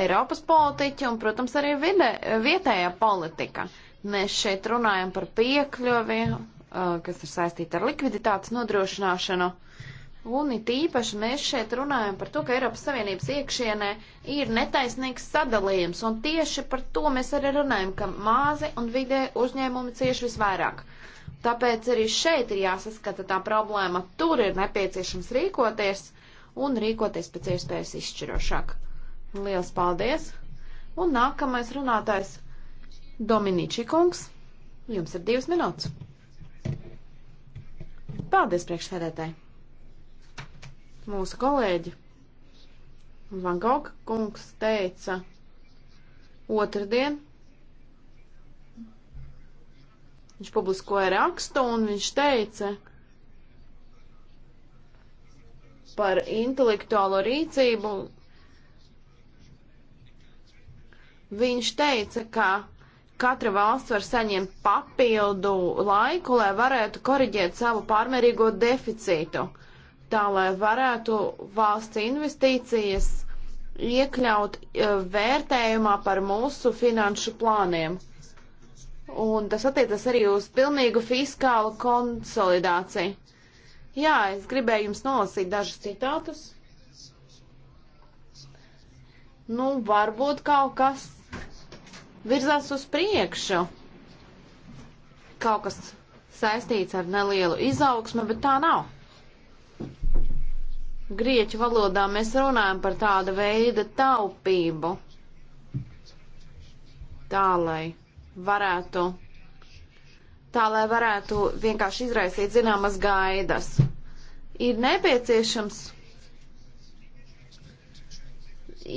Eiropas politiķi un, protams, arī vide, vietējā politika. Mēs šeit runājam par piekļuvi, uh, kas ir saistīta ar likviditātes nodrošināšanu. Uh, Un it īpaši mēs šeit runājam par to, ka Eiropas Savienības iekšienē ir netaisnīgs sadalījums, un tieši par to mēs arī runājam, ka mazi un vidē uzņēmumi cieši visvairāk. Tāpēc arī šeit ir jāsaskata tā problēma, tur ir nepieciešams rīkoties un rīkoties pēc iespējas izšķirošāk. Lielas paldies! Un nākamais runātājs Dominiči kungs, jums ir divas minūtes. Paldies priekšsēdētāji! Mūsu kolēģi Van Gogh kungs teica otrdien, viņš publiskoja rakstu un viņš teica par intelektuālo rīcību. Viņš teica, ka katra valsts var saņemt papildu laiku, lai varētu koriģēt savu pārmērīgo deficītu. Uh, tā lai varētu valsts investīcijas iekļaut e, vērtējumā par mūsu finanšu plāniem. Un tas attiecas arī uz pilnīgu fiskālu konsolidāciju. Jā, es gribēju jums nolasīt dažus citātus. Nu, varbūt kaut kas virzās uz priekšu. Kaut kas saistīts ar nelielu izaugsmu, bet tā nav grieķu valodā mēs runājam par tādu veidu taupību, tā lai varētu, tā lai varētu vienkārši izraisīt zināmas gaidas. Ir nepieciešams,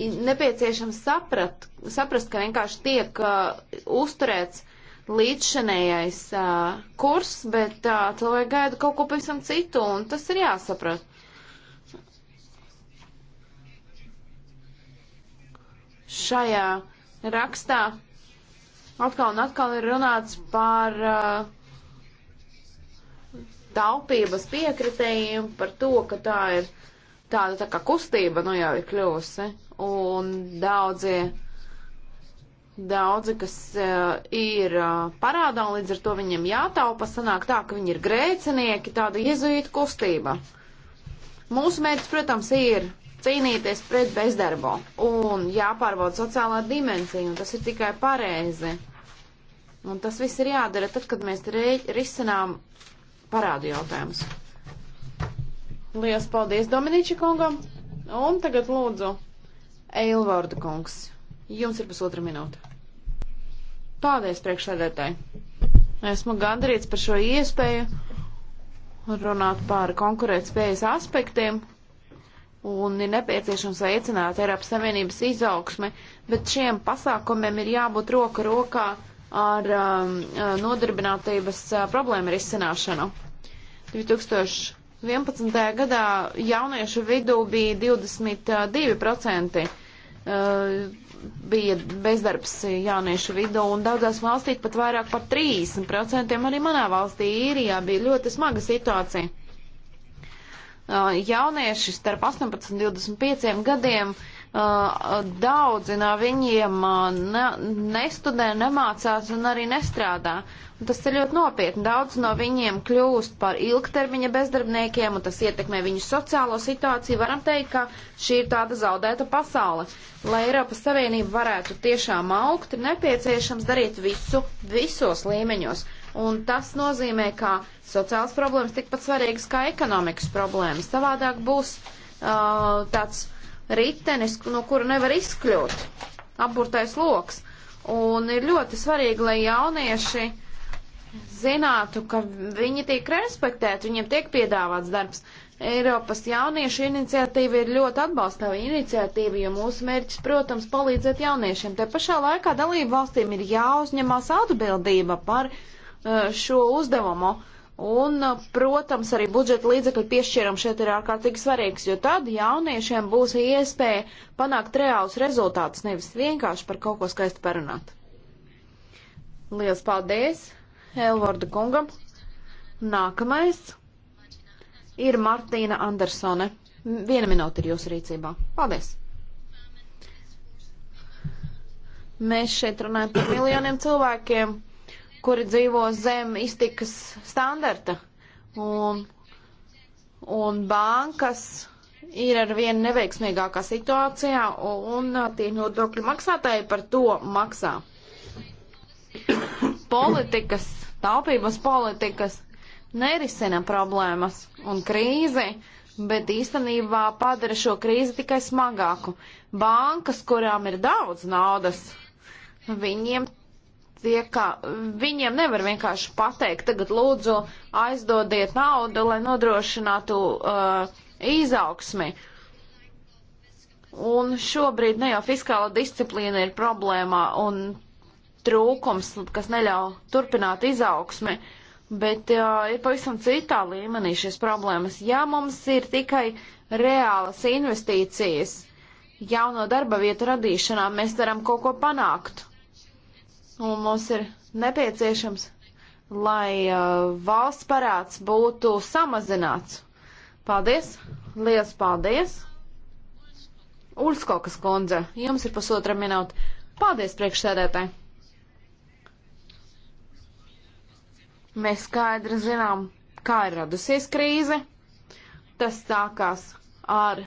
ir nepieciešams saprat, saprast, ka vienkārši tiek uh, uzturēts līdzšanējais uh, kurs, bet uh, cilvēki gaida kaut ko pavisam citu, un tas ir jāsaprast. Šajā rakstā atkal un atkal ir runāts par uh, taupības piekritējiem, par to, ka tā ir tāda tā kā kustība, nu jau ir kļūsi, un daudzie, daudzi, kas uh, ir uh, parādā, un līdz ar to viņiem jātaupa, sanāk tā, ka viņi ir grēcinieki, tāda jezuīta kustība. Mūsu mērķis, protams, ir cīnīties pret bezdarbo un jāpārbauda sociālā dimensija, un tas ir tikai pareizi. Un tas viss ir jādara tad, kad mēs risinām parādu jautājumus. Lielas paldies Dominiči kungam, un tagad lūdzu Eilvorda kungs. Jums ir pusotra minūte. Paldies priekšsēdētāji. Esmu gandarīts par šo iespēju runāt par konkurētspējas aspektiem un ir nepieciešams veicināt Eiropas Savienības izaugsmi, bet šiem pasākumiem ir jābūt roka rokā ar um, uh, nodarbinātības uh, problēmu risināšanu. 2011. gadā jauniešu vidū bija 22% uh, bija bezdarbs jauniešu vidū, un daudzās valstīs pat vairāk par 30%, arī manā valstī īrijā bija ļoti smaga situācija. Uh, jaunieši starp 18 un 25 gadiem uh, daudzi no viņiem uh, ne, nestudē, nemācās un arī nestrādā. Un tas ir ļoti nopietni. Daudz no viņiem kļūst par ilgtermiņa bezdarbniekiem, un tas ietekmē viņu sociālo situāciju. Varam teikt, ka šī ir tāda zaudēta pasaule. Lai Eiropas Savienība varētu tiešām augt, ir nepieciešams darīt visu, visos līmeņos. Un tas nozīmē, ka sociāls problēmas tikpat svarīgas kā ekonomikas problēmas. Savādāk būs uh, tāds ritenis, no kura nevar izkļūt, apburtais loks. Un ir ļoti svarīgi, lai jaunieši zinātu, ka viņi tiek respektēti, viņiem tiek piedāvāts darbs. Eiropas jauniešu iniciatīva ir ļoti atbalstāva iniciatīva, jo mūsu mērķis, protams, palīdzēt jauniešiem. Te pašā laikā dalību valstīm ir jāuzņemās atbildība par uh, Uh, šo uzdevumu. Un, uh, protams, arī budžeta līdzekļu piešķiram šeit ir ārkārtīgi svarīgs, jo tad jauniešiem būs iespēja panākt reālus rezultātus, nevis vienkārši par kaut ko skaistu parunāt. Lielas paldies Elvorda kungam. Nākamais ir Martīna Andersone. Viena minūte ir jūsu rīcībā. Paldies! Mēs šeit runājam par miljoniem cilvēkiem, kuri dzīvo zem iztikas standarta. Un, un bankas ir ar vienu neveiksmīgākā situācijā, un, un tie nodokļu maksātāji par to maksā. Politikas, taupības politikas nerisina problēmas un krīzi, bet īstenībā padara šo krīzi tikai smagāku. Bankas, kurām ir daudz naudas, viņiem tie, ka viņiem nevar vienkārši pateikt, tagad lūdzu aizdodiet naudu, lai nodrošinātu uh, izaugsmi. Un šobrīd ne jau fiskāla disciplīna ir problēmā un trūkums, kas neļauj turpināt izaugsmi, bet uh, ir pavisam citā līmenī šīs problēmas. Ja mums ir tikai reālas investīcijas jauno darba vietu radīšanā, mēs varam kaut ko panākt un mums ir nepieciešams, lai uh, valsts parāds būtu samazināts. Paldies! Lielas paldies! Ulskokas kundze, jums ir pusotra minūte. Paldies priekšsēdētāji! Mēs skaidri zinām, kā ir radusies krīze. Tas sākās ar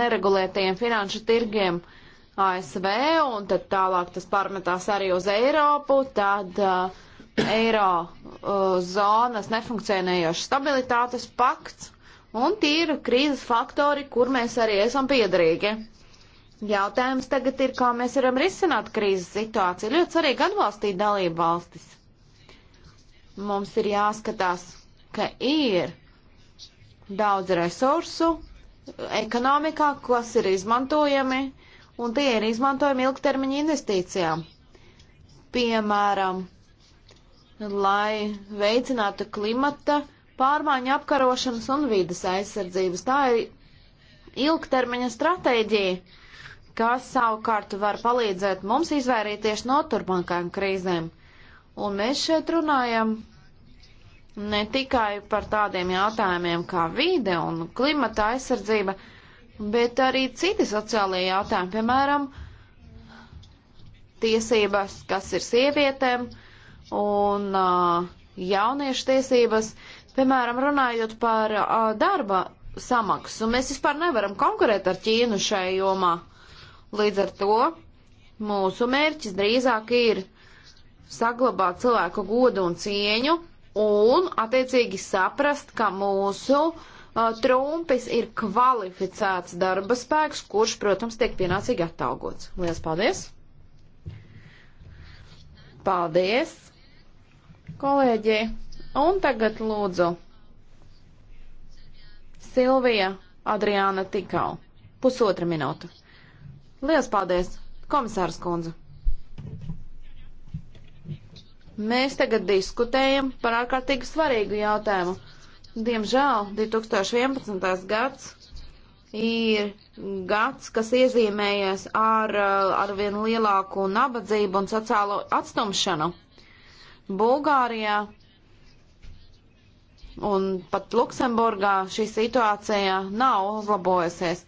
neregulētajiem finanšu tirgiem, uh, ASV, un tad tālāk tas pārmetās arī uz Eiropu, tad uh, eiro uh, zonas nefunkcionējošas stabilitātes pakts, un tie ir krīzes faktori, kur mēs arī esam piedarīgi. Jautājums tagad ir, kā mēs varam risināt krīzes situāciju. Ļoti svarīgi atbalstīt dalību valstis. Mums ir jāskatās, ka ir daudz resursu ekonomikā, kas ir izmantojami, uh, un tie ir izmantojami ilgtermiņa investīcijām. Piemēram, lai veicinātu klimata pārmaiņu apkarošanas un vīdas aizsardzības. Tā ir ilgtermiņa stratēģija, kas savukārt var palīdzēt mums izvairīties no turpmākajām krīzēm. Un mēs šeit runājam ne tikai par tādiem jautājumiem kā vīde un klimata aizsardzība, bet arī citi sociālie jautājumi, piemēram, tiesības, kas ir sievietēm un uh, jauniešu tiesības, piemēram, runājot par uh, darba samaksu. Mēs vispār nevaram konkurēt ar Ķīnu šai jomā. Līdz ar to mūsu mērķis drīzāk ir saglabāt cilvēku godu un cieņu un attiecīgi saprast, ka mūsu uh, Uh, trumpis ir kvalificēts darba spēks, kurš, protams, tiek pienācīgi atalgots. Lielas paldies! Paldies, kolēģi! Un tagad lūdzu Silvija Adriāna Tikau. Pusotra minūte. Lielas paldies, komisārs kundze! Mēs tagad diskutējam par ārkārtīgi svarīgu jautājumu Diemžēl 2011. gads ir gads, kas iezīmējies ar, eh, ar vien lielāku nabadzību un sociālo atstumšanu. Bulgārijā un pat Luksemburgā šī situācija nav uzlabojusies.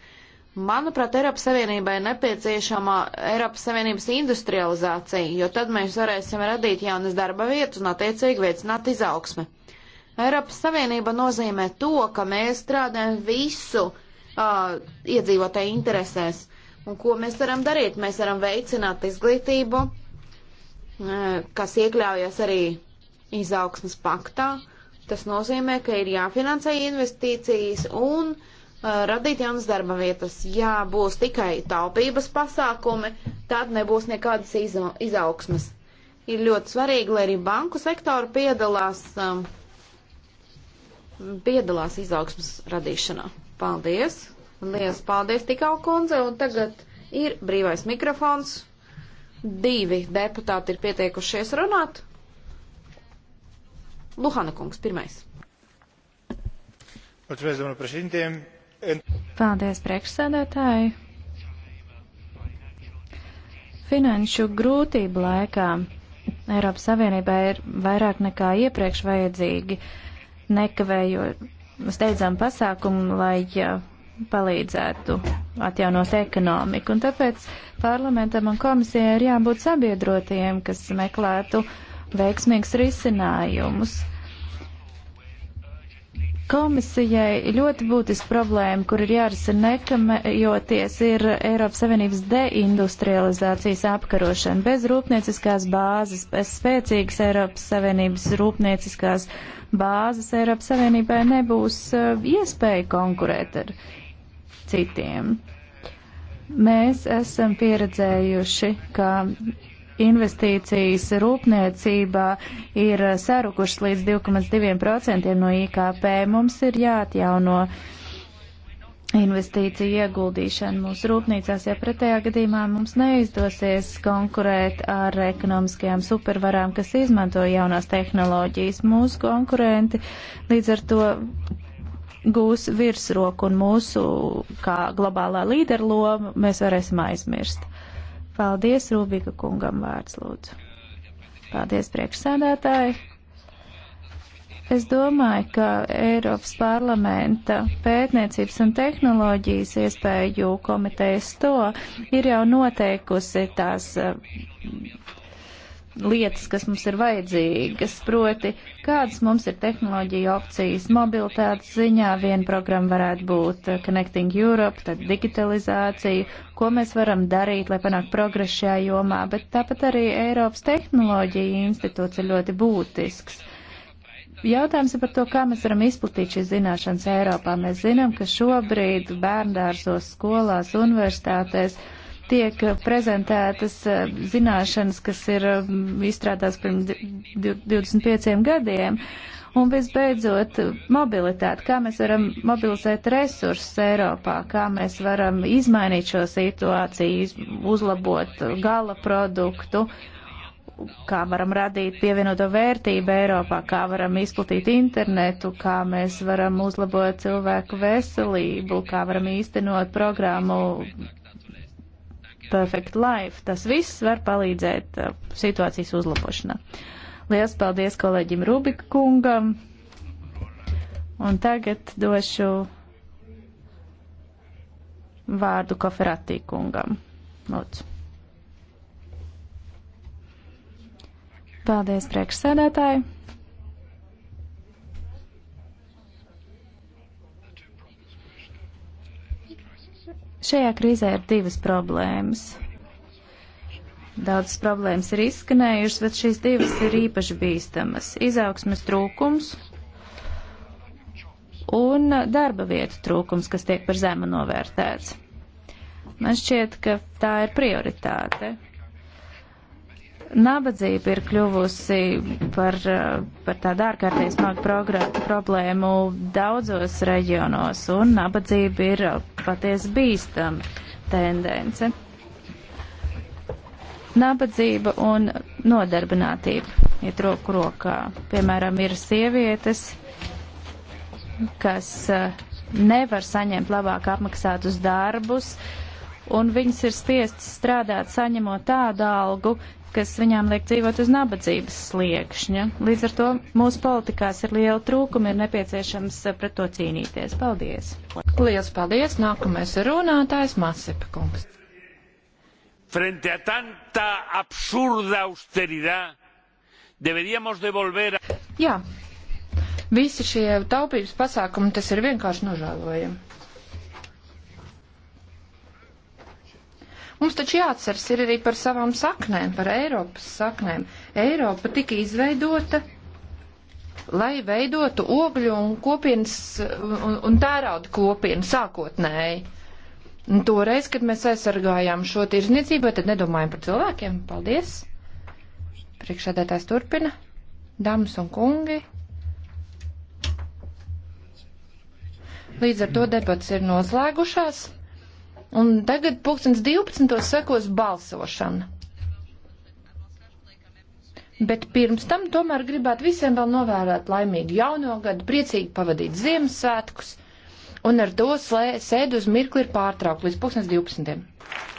Manuprāt, Eiropas Savienībai ir nepieciešama Eiropas Savienības industrializācija, jo tad mēs varēsim radīt jaunas darba vietas un attiecīgi veicināt izaugsmi. Eiropas Savienība nozīmē to, ka mēs strādājam visu uh, iedzīvotāju interesēs. Un ko mēs varam darīt? Mēs varam veicināt izglītību, uh, kas iekļaujas arī izaugsmas paktā. Tas nozīmē, ka ir jāfinansē investīcijas un uh, radīt jaunas darba vietas. Ja būs tikai taupības pasākumi, tad nebūs nekādas iza izaugsmas. Ir ļoti svarīgi, lai arī banku sektori piedalās. Um, uh, piedalās izaugsmas radīšanā. Paldies! Lielas paldies tikau kundze, un tagad ir brīvais mikrofons. Divi deputāti ir pieteikušies runāt. Luhana kungs, pirmais.
Paldies, priekšsēdētāji! Finanšu grūtību laikā Eiropas Savienībā ir vairāk nekā iepriekš vajadzīgi uh, nekavējot steidzām pasākumu, lai palīdzētu atjaunot ekonomiku. Un tāpēc parlamentam un komisijai ir jābūt sabiedrotiem, kas meklētu veiksmīgus risinājumus. Komisijai ļoti būtiska problēma, kur ir jārisina nekavējoties, ir Eiropas Savienības deindustrializācijas apkarošana. Bez rūpnieciskās bāzes, bez spēcīgas Eiropas Savienības rūpnieciskās bāzes Eiropas Savienībai nebūs eh, iespēja konkurēt ar citiem. Mēs esam pieredzējuši, ka investīcijas rūpniecībā ir sarukušas līdz 2,2% no IKP. Mums ir jāatjauno investīcija ieguldīšana mūsu rūpnīcās, ja pretējā gadījumā mums neizdosies konkurēt ar ekonomiskajām supervarām, kas izmanto jaunās tehnoloģijas. Mūsu konkurenti līdz ar to gūs virsroku un mūsu kā globālā līderloma mēs varēsim aizmirst. Paldies, Rūbika kungam vārds lūdzu. Paldies, priekšsēdētāji. Es domāju, ka Eiropas parlamenta pētniecības un tehnoloģijas iespēju komitejas to ir jau noteikusi tās lietas, kas mums ir vajadzīgas, proti, kādas mums ir tehnoloģija opcijas mobilitātes ziņā. Viena programma varētu būt uh, Connecting Europe, tad digitalizācija, ko mēs varam darīt, lai panāktu progresu šajā jomā, bet tāpat arī Eiropas tehnoloģija institūts ir ļoti būtisks. Jautājums ir par to, kā mēs varam izplatīt šīs zināšanas Eiropā. Mēs zinām, ka šobrīd bērndārzos, skolās, universitātēs tiek prezentētas eh, zināšanas, kas ir eh, izstrādās pirms 25 gadiem. Un visbeidzot, mobilitāte, kā mēs varam mobilizēt resursus Eiropā, kā mēs varam izmainīt šo situāciju, uzlabot gala produktu, kā varam radīt pievienoto vērtību Eiropā, kā varam izplatīt internetu, kā mēs varam uzlabot cilvēku veselību, kā varam īstenot programmu Perfect Life. Tas viss var palīdzēt uh, situācijas uzlabošanā. Lielas paldies kolēģim Rubika kungam. Un tagad došu vārdu Koferatī kungam. Lūdzu. Paldies, priekšsēdētāji! Šajā krīzē ir divas problēmas. Daudzas problēmas ir izskanējušas, bet šīs divas ir īpaši bīstamas - izaugsmes trūkums un darba vietu trūkums, kas tiek par zemu novērtēts. Man šķiet, ka tā ir prioritāte. Nabadzība ir kļuvusi par, eh, par tādu ārkārtīgi smagu problēmu daudzos reģionos, un nabadzība ir eh, patiesi bīstama tendence. Nabadzība un nodarbinātība iet roku rokā. Piemēram, ir sievietes, kas eh, nevar saņemt labāk apmaksātus darbus, uh, un viņas ir spiestas strādāt, saņemot tādu algu, kas viņām liek dzīvot uz nabadzības sliekšņa. Līdz ar to mūsu politikās ir liela trūkuma, ir nepieciešams eh,
pret to cīnīties. Paldies! Lielas paldies! Nākamais runātājs Masipa kungs.
Frente a tanta absurda austeridad, deberíamos devolver.
Jā, visi šie taupības pasākumi, tas ir vienkārši nožēlojami. Mums taču jāatceras ir arī par savām saknēm, par Eiropas saknēm. Eiropa tika izveidota, lai veidotu ogļu un kopienas un, un tērauda kopienu sākotnēji. Un toreiz, kad mēs aizsargājām šo tirzniecību, tad nedomājam par cilvēkiem. Paldies! Priekšādētājs turpina. Dāmas un kungi. Līdz ar to debats ir noslēgušās. Un tagad pulkstens 12. sekos balsošana. Bet pirms tam tomēr gribētu visiem vēl novērēt laimīgu jauno gadu, priecīgi pavadīt Ziemassvētkus, un ar to sēdu uz mirkli ir pārtraukts līdz 2012.